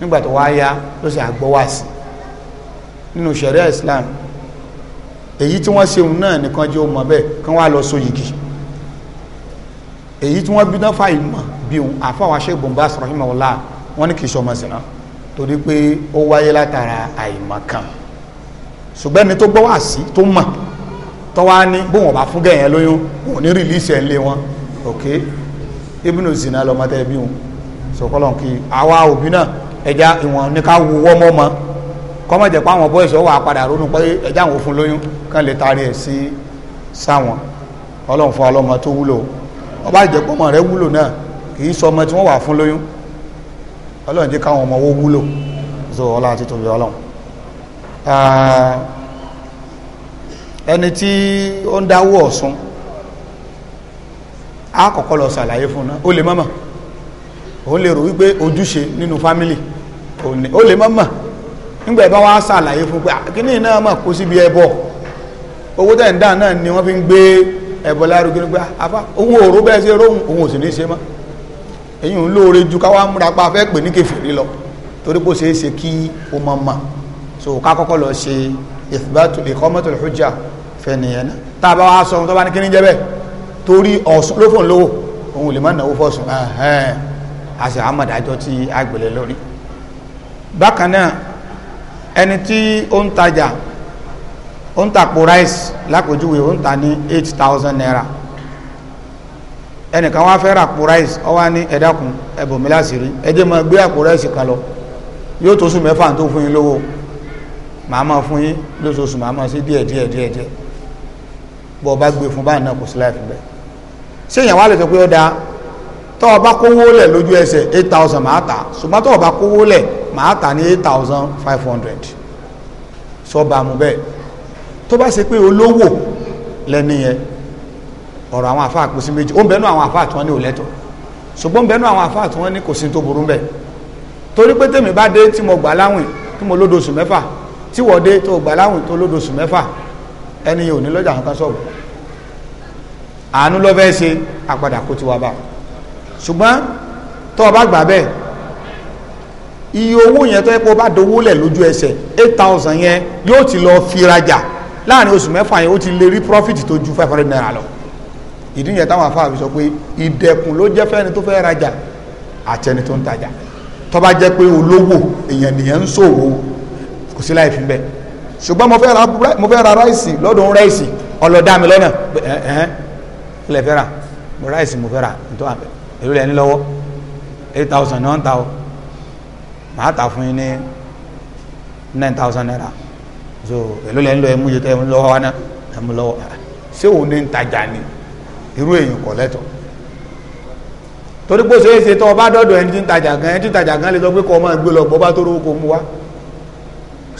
nígbà tó wá yá ló sì àgbọ́ wá sí nínú sẹ̀ríà Islam èyí tí wọ́n ṣeun náà nìkan jẹ́ ọmọ bẹ́ẹ̀ kán wá lọ so yìgì èyí tí wọ́n bí náà fàyè mọ̀ bí òun àfáwọn aṣẹ́gun bá sọ̀rọ̀ ìmọ̀ ọ̀la wọn ní kì í ṣe ọmọ sìnà torí pé ó wáyé látara àìmọ̀kan ṣùgbọ́n ẹni tó gbọ́ wá sí tó mọ̀ tó wá ní bóun ọba fún gẹ̀yẹn lóyún òun ní rìlíìsì ẹ̀ ń lé wọn òkè ibùnú zina lọ́mọdé bí wọn sọkọlọ́n kí àwa òbí náà ẹja ìwọ̀n ní ká wo wọ́mọ́ mọ́ kọ́mọ̀jẹ̀ pé àwọn bọ́ọ̀sì ọwọ́ àpadà ronú pé ẹja àwọn òfin lóyún kán lè taari ẹ̀ sí sáwọn ọlọ́run fún ọlọ́mọ tó wúlò ọba ìjẹ́pọ̀mọ̀ rẹ wúlò náà kì í sọ ọmọ tí wọ́n wà fún lóyún ọlọ́run jẹ́ káwọn ọmọ owó wúlò so ọlọ́run ti tóbi ọlọ́run Ah, ẹni tí ó ń dáwọ́ ọ̀sùn á kọ́kọ́ lọ ṣàlàyé fún náà ó lè mọ́mọ́ ó lè rò wípé ojúṣe nínú fámílì ó lè mọ́mọ́ nígbà ìbá wa ṣàlàyé fún pé kíní náà mọ̀ kó ẹbọ owó tẹ̀ ń dà ni wọ́n fi ń gbé ẹbọ lárugẹ nígbà afá afa òró bẹ́ẹ̀ sí róhùn òun ò ní ṣe mọ́ èyí lóore ju káwá múra pa fẹ́ lọ torí kó ṣeé ṣe kí ó so ká kọ́kọ́ lọ ṣe ìfúbátù ìkọ́mọ́tòlù hujja fẹ́niyẹn náà tá a bá wá sọ ohun tó bá ní kí ní jẹ́ bẹ́ẹ̀ torí ọ̀sán ló fòun lówó òun ò lè má náwó fọ́sùn ẹ̀hẹ́n àṣẹ àmọ̀dájọ́ tí a gbèlè lórí bákan náà ẹni tí ó ń tajà ó ń tàpò rice lápòjúwe ó ń ta ní eight thousand naira ẹnìkan wá fẹ́ ra àpò ọ wá ní ẹ̀dákun ẹ̀bùnmí ẹ jẹ́ máa gbé àpò kan lọ yóò tó sùn mẹ́fà tó fún yín lówó màá máa fún yín lóṣooṣù màá máa sí díẹ̀ díẹ̀ díẹ̀ díẹ̀ bọ́ ọ bá gbé fún báyìí náà kò sí láìfi bẹ́ẹ̀ ṣé èèyàn wá lè sọ pé ó dáa tọ́ ọ kówó lẹ̀ lójú ẹsẹ̀ eight thousand màá tà ṣùgbọ́n tọ́ ọ kówó lẹ̀ màá tà ní eight thousand five hundred sọ́ba mu bẹ́ẹ̀ tó bá ṣe pé olówó lẹ́ni yẹn ọ̀rọ̀ àwọn àfáà kò sí méjì ó ń bẹ́nu àwọn àfáà tí wọ́n ní ò lẹ́tọ̀ ṣùgbọ́n ń bẹ́nu àwọn àfáà tí wọ́n ní kò sí tó burú bẹ́ẹ̀ torí pé tèmi bá dé tí mo gbà láwìn tí mo lódoṣù mẹ́fà tí wọ́n dé tó gbà láwùn tó lódoṣù mẹ́fà ẹni yóò ní lọ́jà kankan sọ̀rọ̀ àánú ló fẹ́ ṣe àpadà kó ti wá bá ṣùgbọ́n tó o bá gbà bẹ́ẹ̀ iye owó yẹn tó yẹ kó o bá dowó lẹ̀ lójú ẹsẹ̀ eight thousand yẹn yóò ti lọ fi láàrin oṣù mẹ́fà yẹn ó ti lè rí profit tó ju five hundred naira lọ ìdí yẹn táwọn afáà fi sọ pé ìdẹ̀kùn ló jẹ́ fẹ́ni tó fẹ́ rajà àtẹni tó ń tajà tó bá jẹ́ pé olówó èèyàn nìyẹn ń ṣòwò kò sí láì fi bẹ́ẹ̀ ṣùgbọ́n mo fẹ́ ra ráìsì lọ́dún ráìsì ọlọ́dà mi lọ́nà ẹ̀hẹ́n ilẹ̀ fẹ́ ra ráìsì mo fẹ́ ra nítorí àbẹ̀ èlò rẹ̀ ní lọ́wọ́ eight thousand ni wọ́n ń ta o màá ta fún yín ní nine thousand naira so èlò rẹ̀ ń lọ ẹ̀mú yìí tẹ́ ẹ̀mú lọ́wọ́ wa náà ẹ̀mú lọ́wọ́ ṣé òun ní ń tajà ni irú èèyàn kọ̀ lẹ́tọ̀ọ́ torí pé ó ṣeé ṣe tó o bá dọ́dọ̀ ẹni tí ń tajà gan ẹni tí ń tajà gan lè sọ pé kọ́ ọ máa gbé lọ bọ́ bá tó rówó kó mú wá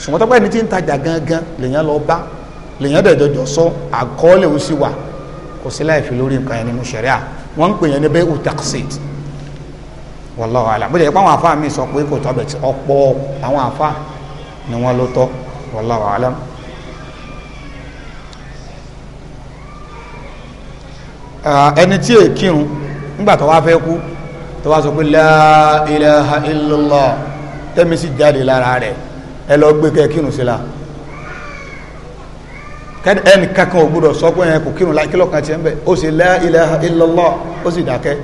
ṣùgbọ́n tọ́pẹ́ ní tí ń tajà gangan lèyàn lọ bá lèyàn dẹ̀ jọjọ sọ àkọọ́lẹ̀ ó sì wà kò sí láì fi lórí nǹkan yẹn nínú ṣẹ̀ríà wọ́n ń pè yẹn ní bẹ́ẹ̀ utaxit wallahu alam bó jẹ́ pé àwọn àfáà mi sọ pé kò tọ́ bẹ̀ tí ọ̀pọ̀ àwọn àfáà ni wọ́n ló tọ́ wallahu alam. ẹni tí èè kírun nígbà tó wá fẹ́ kú tó wá sọ pé la ilaha illallah tẹ́mi sì jáde lára rẹ̀ ẹ lọ gbé kẹ kírun sí la ẹnì kankan ò gbúdọ̀ sọ pé ẹ kò kírun láì kílọ̀ kan tiẹ̀ ń bẹ̀ ó sì la ilaha illallah ó sì dákẹ́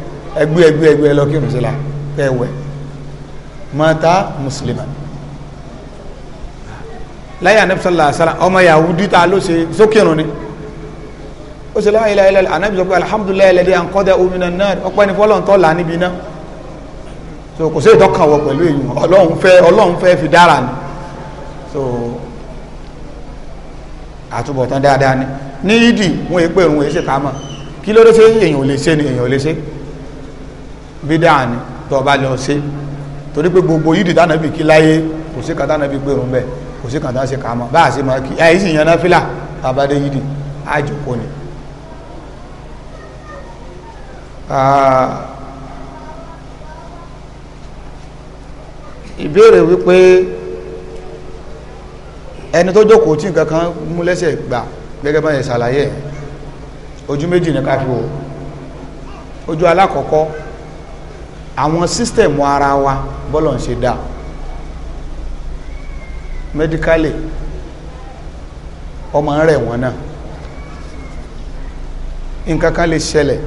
ẹgbẹ́ ẹgbẹ́ ẹgbẹ́ ẹ lọ kírun sí la kẹ wẹ̀ mọ́ta mùsùlùmí láyé anabi sallallahu alaihi wasallam ọmọ yahudi ta ló ṣe sókèrún ni ó ṣe la ilaha illallah anabi sọ pé alhamdulilayi lẹ́dí àǹkọ́dẹ omina náà ọpẹ́ ní fọlọ́ntọ́ là kò sí ìtọ́kànwọ́ pẹ̀lú èyí ọlọ́run fẹ́ fi dára ni so àtúbọ̀tán dáadáa ni ní ìdì wọn èpè òun èṣe ká mọ̀ kí ló dé ṣe èèyàn ò lè ṣe ni èèyàn ò lè ṣe bídáà ni tó o bá lọ ṣe torí pé gbogbo yìí dìtà nàbì kí láyé kò sí kàtà nàbì gbèrò ń kò sí kàtà ṣe kà mọ bá a ṣe máa kí ẹyí sì yan náà fìlà abadé yìí dì àjòkó ni. Ah, ìbéèrè wípé ẹni tó jókòó tí nǹkan kan mú lẹ́sẹ̀ gbà gẹ́gẹ́ bá yẹ ṣàlàyé ojú méjì ní káfí o ojú alákọ̀ọ́kọ́ àwọn sísítẹ̀mù ara wa bọ́lọ̀ ń ṣe dá mẹ́díkálì ọmọ rẹ̀ wọ́n náà nǹkan kan lè ṣẹlẹ̀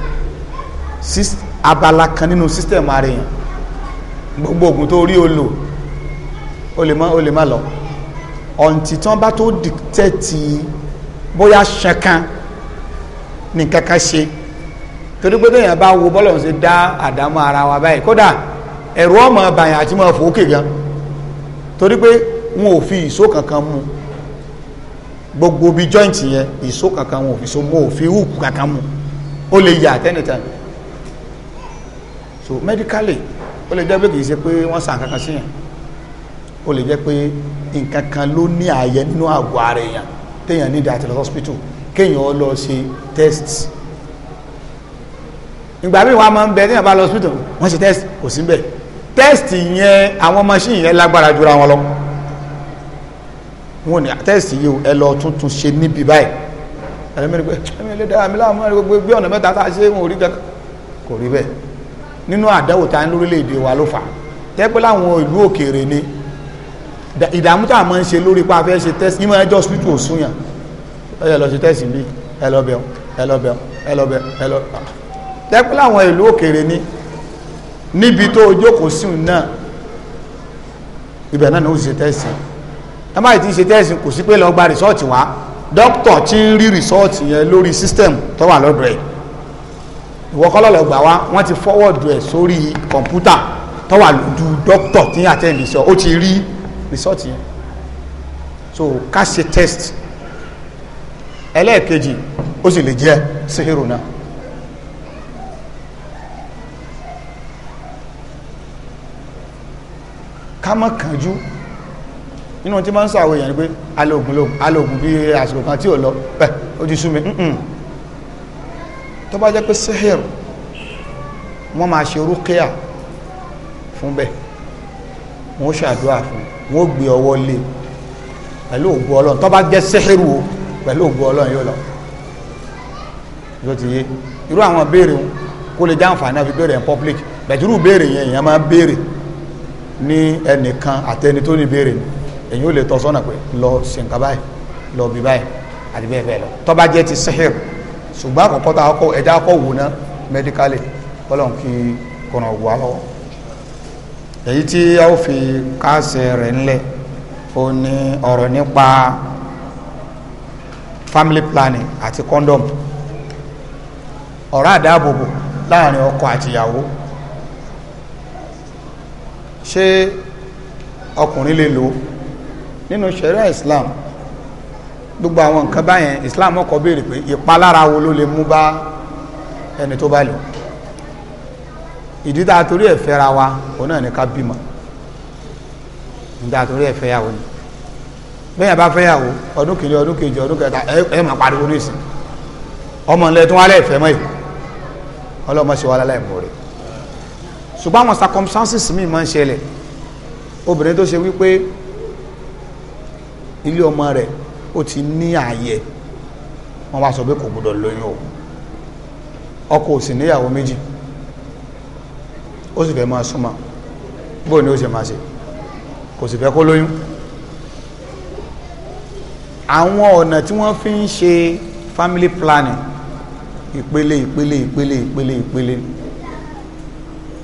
abala kan nínú sísítẹ̀mù ara èèyàn gbogbo oògùn tó rí o lò o lè má lọ ọ̀ǹtì tí wọ́n bá tó dìtẹ́tì bóyá ṣẹ̀kan ní kankan ṣe torí pé bẹ́ẹ̀ yẹn bá wo bọ́lọ̀ ṣe dá àdámọ́ ara wa báyìí kódà ẹ̀rù ọmọ bàyàn àti mọ́ fòókè gan torí pé wọn ò fi ìṣó kankan mu gbogbo bí jọ́ǹtì yẹn ìṣó kankan wọn ò fi so mo ò fi hùkù kankan mu ó lè yà at so medically ó lè jẹ́ pé kì í ṣe pé wọ́n sàn kankan sí yẹn ó lè jẹ́ pé nǹkan kan ló ní ààyè nínú àgọ́ ara èèyàn téèyàn ní dàtí lọ hospital kéèyàn lọ ṣe test ìgbà míì wọn máa ń bẹ téèyàn bá lọ hospital wọ́n ṣe test kò sí bẹ́ẹ̀ test yẹn àwọn machine yẹn lágbára jura wọn lọ wọn ni test yìí ẹ lọ tuntun ṣe níbi báyìí ẹlẹ́mìíràn pé ẹ̀mí ilé dára mi láàmú ẹ̀rọ gbogbo bí ọ̀nà mẹ́ta tá a ṣe wọn ò rí kankan kò rí bẹ́ẹ̀ nínú àdáwò tá a ń lórílẹ̀‐èdè wa ló fà á tẹ́pẹ́ láwọn ìlú òkèèrè ni ìdààmú tá a máa ń ṣe lórí pa afẹ́ ṣe tẹ́sì ní máa ẹjọ́ hospital ò súnyàn ẹ lọ ṣe tẹ́sì bí ẹ lọ bẹ̀ ẹ lọ bẹ̀ ẹ lọ bẹ̀ ẹ lọ bẹ̀ tẹ́pẹ́ láwọn ìlú òkèèrè ni níbi tó ojókòó síun náà ibẹ̀ náà ni ó ṣe tẹ́sì ẹ má ti ṣe tẹ́sì kò sí pé lọ gba rìsọ́ọ̀tì wá dókítà tí ń rí rìsọ́ọ̀tì yẹn lórí sísítẹ̀mù tó wà lọ́dọ̀ ẹ̀ ìwọ kọ́ lọ́lọ́ gbà wá wọ́n ti fọ́wọ́dù ẹ̀ sórí kọ̀ǹpútà tó wà lójú dókítà tí àtẹ̀ǹdì sọ ó ti rí result yẹn so ká ṣe test ẹlẹ́ẹ̀kejì ó sì lè jẹ́ sihiru náà ká má kánjú nínú tí máa ń sàwọ̀ èèyàn ni pé alóògùn lóògùn alóògùn bí àsìkò kan tí ò lọ pẹ̀ ó ti sú mi tó bá jẹ́ pé sihir wọ́n máa ṣe rúkíà fún bẹ́ẹ̀ wọ́n ṣàdúrà fún un wọ́n gbé ọwọ́ lé pẹ̀lú ògbó ọlọ́run tó bá jẹ́ o pẹ̀lú ògbó ọlọ́run yóò lọ yóò ti yé irú àwọn béèrè wọn kó lè jáǹfààní àfi béèrè in public bẹ̀tùrú béèrè yẹn èèyàn máa béèrè ní ẹnìkan àtẹni tó ní béèrè ni èyí ò lè tọ́ sọ́nà pé lọ ṣe nǹkan báyìí lọ bí báyìí àti bẹ́ẹ̀ bẹ́ẹ̀ lọ tó bá jẹ́ ti sẹ́hẹ́rù ṣùgbọ́n àkọ́kọ́ tá a kọ́ ẹja kọ́ wò ná mẹ́díkálì kọ́lọ́n kí kọ́nà ògùn alọ́wọ́ èyí tí a ó fi káàsẹ̀ rẹ̀ ńlẹ̀ ó ní ọ̀rọ̀ nípa family planning àti condom ọ̀rọ̀ àdáàbòbò láàrin ọkọ àtìyàwó ṣé ọkùnrin lè lò nínú sharia Islam gbogbo àwọn nǹkan báyẹn Islam ọkọ̀ béèrè pé ìpalára wo ló lè mú bá ẹni tó bá lò ìdí tá a torí ẹ̀ fẹ́ra wa òun náà ní ká bímọ ìdí tá a torí ẹ̀ fẹ́yàwó ni bẹ́ẹ̀ bá fẹ́yàwó ọdún kìíní ọdún kejì ọdún kẹta ẹ máa pariwo ní ìsìn ọmọ ńlẹ tó wà lẹ́ẹ̀ fẹ́ mọ́ yìí ọlọ́mọ ṣe wà lálẹ́ ìbò rẹ̀ ṣùgbọ́n àwọn circumstances mi máa ń ṣẹlẹ̀ obìnrin tó ṣe wípé ilé ọmọ rẹ̀ ó ti ní ààyè wọ́n wá sọ pé kò gbọdọ̀ lóyún o ọkọ ò níyàwó méjì ó sì fẹ́ máa súnmọ́ bó ni ó ṣe máa ṣe kò sì fẹ́ kó lóyún àwọn ọ̀nà tí wọ́n fi ń ṣe family planning ìpele ìpele ìpele ìpele ìpele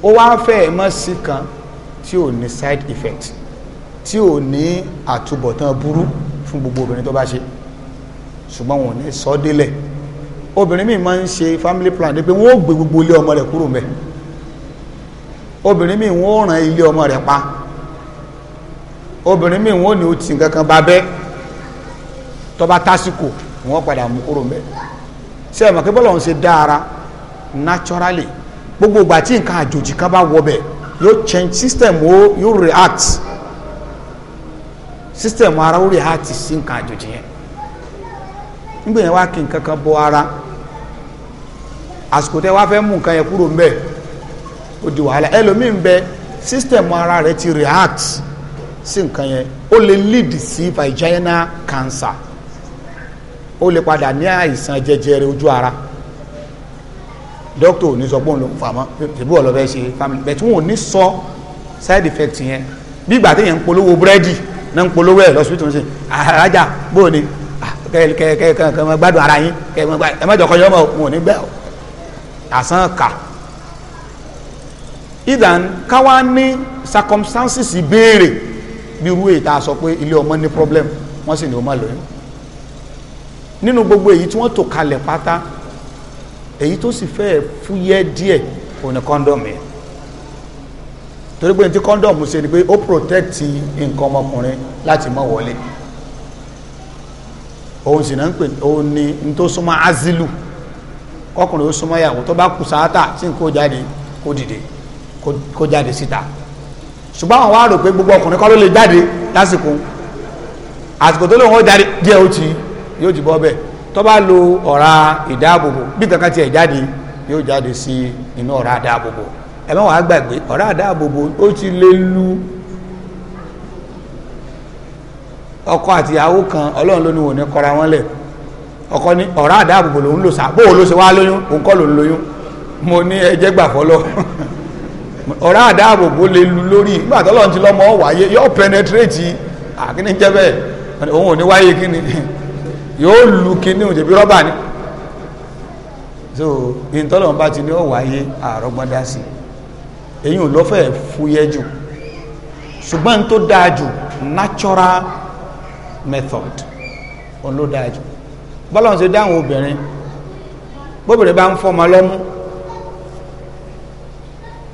ó wá fẹ́ mọ́ sí kan tí ò ní side effect tí ò ní àtúbọ̀tán burú fún gbogbo obìnrin tó bá ṣe ṣùgbọ́n wọn ò ní sọ délẹ̀ obìnrin míì máa ń ṣe family planning pé wọ́n ó gbé gbogbo ilé ọmọ rẹ̀ kúrò mẹ́ẹ̀ obìnrin mi wọ́n ràn ilé ọmọ rẹ̀ pa obìnrin mi wọ́n ni o tì kankan bá bẹ́ tó bá tásìkò wọ́n padà mú kúrò mbẹ́ ṣe é mọ̀ kí bọ́lá òun ṣe dára naturally gbogbo ìgbà tí nǹkan àjòjì kan bá wọ bẹ̀ yóò change system o yóò react system ara ó react sí nǹkan àjòjì yẹn nígbà yẹn wá kí nǹkan kan bọ ara àsìkò tẹ wá fẹ́ mú nǹkan yẹn kúrò ó di wàhálà ẹlòmíín bẹ sísítẹ̀mù ara rẹ̀ ti react sí nǹkan yẹn ó lè lead sí vaginal cancer ó lè padà ní àìsàn jẹjẹrẹ ojú ara dókítà ò ní sọ pé òun ló ń fà mọ́ ṣèbí wọ́n lọ bẹ́ẹ̀ ṣe family bẹ́ẹ̀ tí wọ́n ò ní sọ side effect yẹn bí ìgbà téèyàn ń polówó búrẹ́dì náà ń polówó ẹ̀ lọ́sibítù ń sìn àrájà bóò ni kẹ̀kẹ́ kẹ̀kẹ́ gbádùn ara yín kẹ̀kẹ́ ẹ̀ mọ́jọ́ kọjọ́ mọ́ òun ò ní gbẹ́ àsán kà ìdán káwá ní circumstances béèrè bí irú èyí tá a sọ pé ilé ọmọ ní problem wọ́n sì ní ọmọ lóyún nínú gbogbo èyí tí wọ́n tò kalẹ̀ pátá èyí tó sì fẹ́ fúyẹ́ díẹ̀ òun ni kọ́ndọ̀mù yẹn torí pé tí kọ́ndọ̀mù ṣe ni pé ó protect nǹkan ọmọkùnrin láti má wọlé òun sì náà ń pè òun ni n tó súnmọ́ azilu ọkùnrin ó súnmọ́ ìyàwó tó bá kù sáátà tí nǹkan ó jáde kó dìde kó jáde síta ṣùgbọ́n àwọn wá rò pé gbogbo ọkùnrin kọ́ ló lè jáde lásìkò àsìkò tó lóun ó jáde díẹ̀ ó ti yóò ti bọ́ bẹ́ẹ̀ tó bá lo ọ̀rá ìdáàbòbò bí kankan tiẹ̀ jáde yóò jáde sí inú ọ̀rá ìdáàbòbò ẹ má wàá gbàgbé ọ̀rá ìdáàbòbò ó ti lé lu ọkọ àti ìyàwó kan ọlọ́run ló ní wò ní kọra wọn lẹ̀ ọkọ ní ọ̀rá ìdáàbòbò lòun lò sá bóun ṣe wá lóyún òun kọ́ lòun lóyún mo ní ẹjẹ́ gbà fọ́lọ́ ọ̀rá àdáàbòbò lè lu lórí nígbà tó lọ́n ti lọ́mọ wáyé yóò penetrate àkíní jẹ́ bẹ́ẹ̀ òun ò ní wáyé kíni yóò lu kíní òun bí rọ́bà ni so ìtọ́lọ́n bá ti ní wáyé àrọ́gbọ́n dá sí èyí ò lọ́fẹ̀ẹ́ fúyẹ́ jù ṣùgbọ́n tó dáa jù natural method òun ló dáa jù ń ṣe dáhùn obìnrin bóbìnrin bá ń fọmọ lọ́mú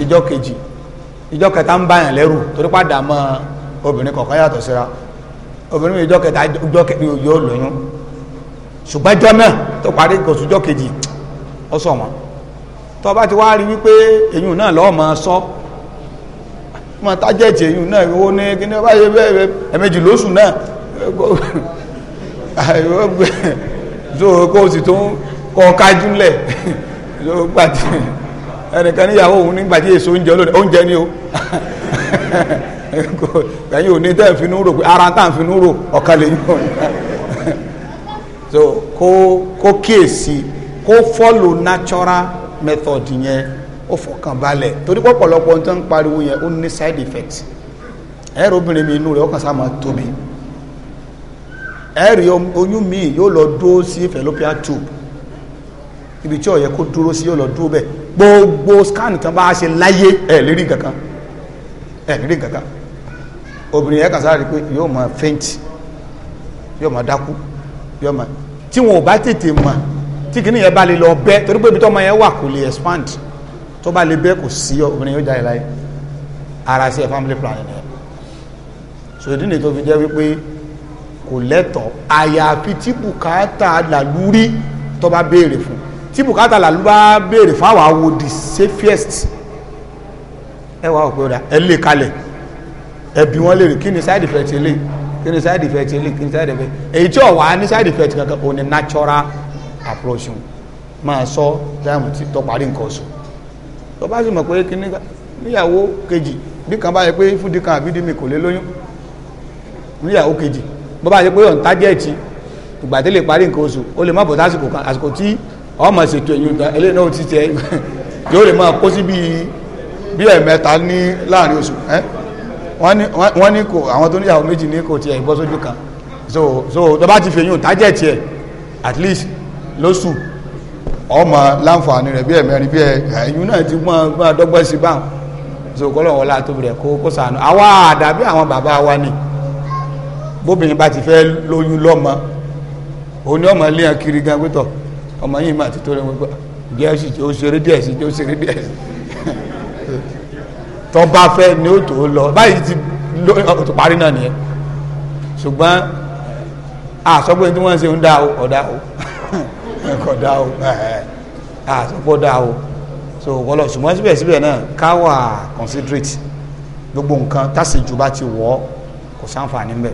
ìjọ kejì ìjọ kẹta ń báyàn lẹ́rù torí padà mọ́ obìnrin kọ̀ọ̀kan yàtọ̀ síra obìnrin mi ìjọ kẹta ìjọ kẹta yóò lóyún ṣùgbọ́n ìjọ náà tó parí kò sùjọ́ kejì ó sọ wọn tó bá ti wá rí wípé èyún náà lọ́ọ́ máa sọ máa tájẹ́ẹ̀tì èyún náà owó ní kíní bá yẹ bẹ́ẹ̀ ẹ̀mejì lóṣù náà so kó o sì tún kọ́ kájú so gbàtí ẹnìkan níyàwó òun nígbà tí èso oúnjẹ lónìí oúnjẹ ni o ẹ̀yin ò ní tẹ́ ẹ̀ finú rò pé ara tá à ń finú rò ọ̀kan lè yàn so kó kó kíyèsí kó follow natural method yẹn ó fọkàn balẹ̀ torí pọ̀pọ̀lọpọ̀ tó ń pariwo yẹn ó ní side effects ẹ̀rọ obìnrin mi inú rẹ̀ ọkàn sáà máa tóbi ẹ̀rì oyún míì yóò lọ dúró sí fallopian tube ibi tí ó yẹ kó dúró sí yóò lọ dúró bẹ́ẹ̀ gbogbo scan tán bá ṣe láyé ẹ̀ lérí kankan ẹ̀ lérí kankan obìnrin yẹn kan sáré pé yóò máa faint yóò máa dákú yóò máa tí wọn ò bá tètè mọ̀ tí kìíní yẹn bá lè lọ bẹ́ torí pé ibi tó ọmọ yẹn wà kò lè expand tó bá lè bẹ́ kò sí obìnrin yóò jáde láyé ara sí ẹ family planning yẹn so ìdí nìyí tó fi jẹ́ wípé kò lẹ́tọ̀ọ́ àyàfi tí bùkátà làlúrí tó bá béèrè fún un tí bùkátà làlú bá béèrè fáwọn awo the safest ẹ wà òpin ọ̀dà ẹ lè kalẹ̀ ẹ bí wọ́n léèrè kí ni side effect lè kí ni side effect lè kí ni side effect èyí tí ọ̀wá ní side effect kankan ò ní natural approach máa sọ dáàmù tí tọ́ parí nǹkan oṣù tó bá sì mọ̀ pé kí níyàwó kejì bí kan bá yẹ pé fúdi kan àbí dimi kò lè lóyún níyàwó kejì bó bá yẹ pé ọ̀ǹtájẹ́ẹ̀tì ìgbà tí lè parí nǹkan oṣù ó lè má bọ̀ sásìkò kan àsìkò tí ọmọ ṣètò ẹ̀yìn ìgbà eléyìí náà ti tẹ yóò lè máa kó sí bíi bí ẹ̀mẹ́ta ní láàrin oṣù ẹ́ wọ́n ní kò àwọn tó níyàwó méjì ní kò tiẹ̀ bọ́ sójú kan so so tó bá ti fi eyín tájẹ̀ tiẹ̀ at least lóṣù ọmọ láǹfààní rẹ̀ bí ẹ̀mẹ́rin bí ẹ̀yìn náà ti mọ́ máa dọ́gbọ́n sí báwọn so kọ́lọ̀ wọn láti tóbi rẹ̀ kó kó sànù àwa àdàbí àwọn bàbá wa ni bóbìnrin bá ti fẹ́ lóyún lọ́mọ òun ni ọmọ léèyàn kiri gan gbẹ́tọ̀ ọmọ yìí mà ti tó lẹ́wọ́n gbà díẹ̀ sí tí ó ṣeré díẹ̀ sí tí ó ṣeré díẹ̀ sí tọ́ba fẹ́ ni ó tó lọ báyìí ti tó parí náà nìyẹn ṣùgbọ́n àsọpọ̀ tí wọ́n ń ṣe ń dá o ọ̀dá o ẹ̀kọ́ o àsọpọ̀ dá o so wọ́lọ̀ ṣùgbọ́n síbẹ̀síbẹ̀ náà káwà considerate gbogbo nǹkan tásìjú bá ti wọ̀ ọ́ kò sáǹfààní mbẹ́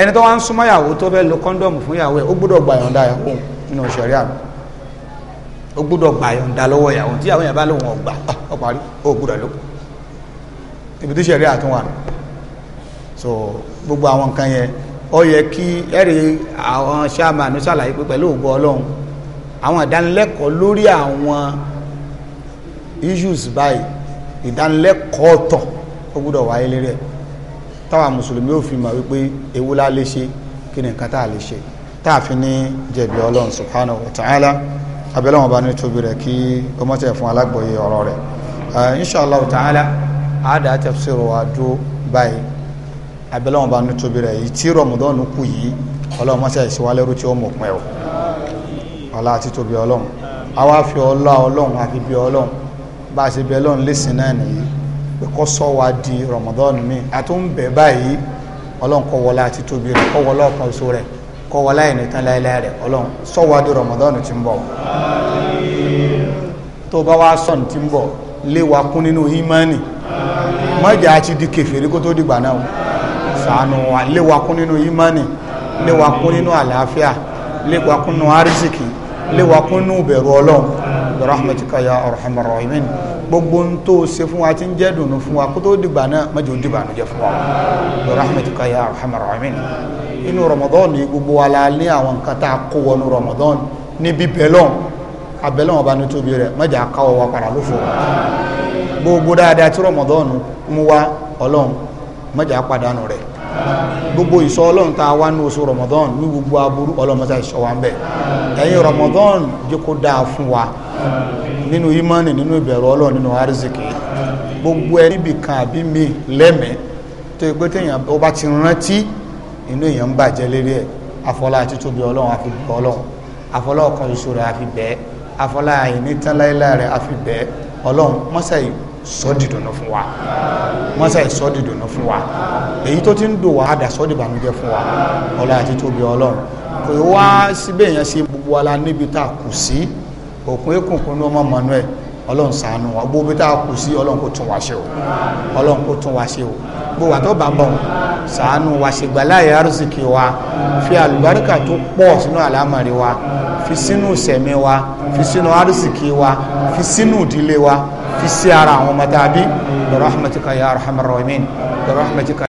ẹni tó wá ń súnmọ́ ìyàwó tó fẹ́ lo kọ́ńdọ̀mù fún ìyàwó ẹ̀ ó gbọ́dọ̀ gbà yọ̀ǹda ìyàwó òun nínú ṣẹ̀ríà o gbọ́dọ̀ gbà yọ̀ǹda lọ́wọ́ ìyàwó tí àwọn yẹn bá lóun ọ̀gbà ó o ó gbọ́dọ̀ ló ibi tí ṣẹ̀ríà tún wà so gbogbo àwọn nǹkan yẹn ó yẹ kí ẹ̀rí àwọn ṣáàmà ní sàlàyé pé pẹ̀lú ògbọ́ ọlọ́run àwọn ìdánilẹ́kọ̀ọ́ lórí àwọn issues báyìí ìdánilẹ́kọ̀ọ́ ọ̀tọ̀ ó gbọ́dọ̀ wáyé lérí ẹ̀ táwa mùsùlùmí ò fi mọ̀ wípé ewu la lè ṣe kí ni nǹkan tá a lè ṣe táàfin ní jẹ̀bi ọlọ́run subhanahu wa ta'ala abẹ́lẹ́wọ̀n bá ní tóbi rẹ̀ kí ó mọ́tẹ̀ fún alágbòye ọ̀rọ̀ rẹ̀ inshallah ta'ala àádá tafsir wa dó báyìí abẹ́lẹ́wọ̀n bá ní tóbi rẹ̀ yìí tí rọmọdọ́nù kù yìí ọlọ́run mọ́tẹ̀ ìṣíwálẹ́rú tí ó mọ̀ pẹ́ o ọlá àti tóbi ọlọ́run àwa fi ọlá ọlọ́run àfi bí ọlọ́run bá a ṣe bẹ ọlọ́run lẹ́sìn náà nìyí pé kó sọ wa di rọmọdọ́nù mi àtúnbẹ̀ báyìí ọlọ́run kọ́ wọlá àti tóbi rẹ̀ kọ́ wọlá ọ̀kan ṣo rẹ̀ kọ́ wa láì nìkan láìláì rẹ̀ ọlọ́run sọ́wádìí rọmọdọ́nù ti ń bọ̀ tó bá wá sọ̀n ti ń bọ̀ lé wa kún nínú ìmánì mọ́jà á ti di kèfèrí kó tó dìgbà náà ṣàánú wa lé wa kún nínú ìmánì lé wa kún nínú àlàáfíà lé wa kún nínú àrísìkì lé wa kún nínú ìbẹ̀rù ọlọ́run rahmatika ya arhamar rahimin gbogbo ń tó ṣe fún wa tí ń jẹ́ dùnú fún wa kó tó dìgbà náà mọ́jọ ó dìgbà nìjẹ́ fún wa rahmatuka ya arhamar rahimin inú ramadan ni gbogbo wa la ní àwọn nǹkan tá a kó wọnú ramadan ní bíbẹ̀ lọ́n abẹ́lẹ́ wọn bá ní tóbi rẹ̀ mọ́jà káwọ́ wa padà ló fò gbogbo dáadáa tí ramadan mú wa ọlọ́run mọ́jà pàdánù rẹ̀ gbogbo ìṣọ́ ọlọ́run tá a wá ní oṣù Ramadan ní gbogbo aburú ọlọ́mọta ìṣọ́ wa ń bẹ̀ ẹ̀yìn Ramadan jẹ́ kó dáa fún wa nínú imani nínú ìbẹ̀rù ọlọ́run nínú arziki gbogbo ẹni bìkan àbí mi lẹ́mẹ̀ẹ́ tó gbé téèyàn ó bá ti rántí inú èèyàn ń bàjẹ́ lérí ẹ̀ afọlá àti tóbi ọlọ́run àfi bẹ̀ ọlọ́run afọlá ọ̀kan ṣoṣo rẹ̀ àfi bẹ̀ afọlá àìní tán láéláé rẹ̀ àfi bẹ̀ ọlọ́run mọ́sàyí sọ́dìdùnú fún wa mọ́sá ìsọ́dìdùnú fún wa èyí tó ti ń dò wá dà sọ́dìbànújẹ́ fún wa ọlá àti tóbi ọlọ́run kò wá síbẹ̀ yẹn ṣe gbogbo ala níbi tá a kù sí òkun èkùnkùn ní ọmọ manuel ọlọ́run ṣàánú wa gbogbo tá a kù sí ọlọ́run kò tún wá ṣe o ọlọ́run kò tún wá ṣe o gbogbo àtọ́ bá bọ̀ ṣàánú wa ṣègbà láyé arúsìkì wa fi àlùbáríkà tó pọ̀ sínú àlámàrí wa fi sínú ìṣẹ̀mí wa fi sínú arúsìkì wa fi sínú ìdílé wa في السيارة ومتابي برحمتك يا أرحم الراحمين برحمتك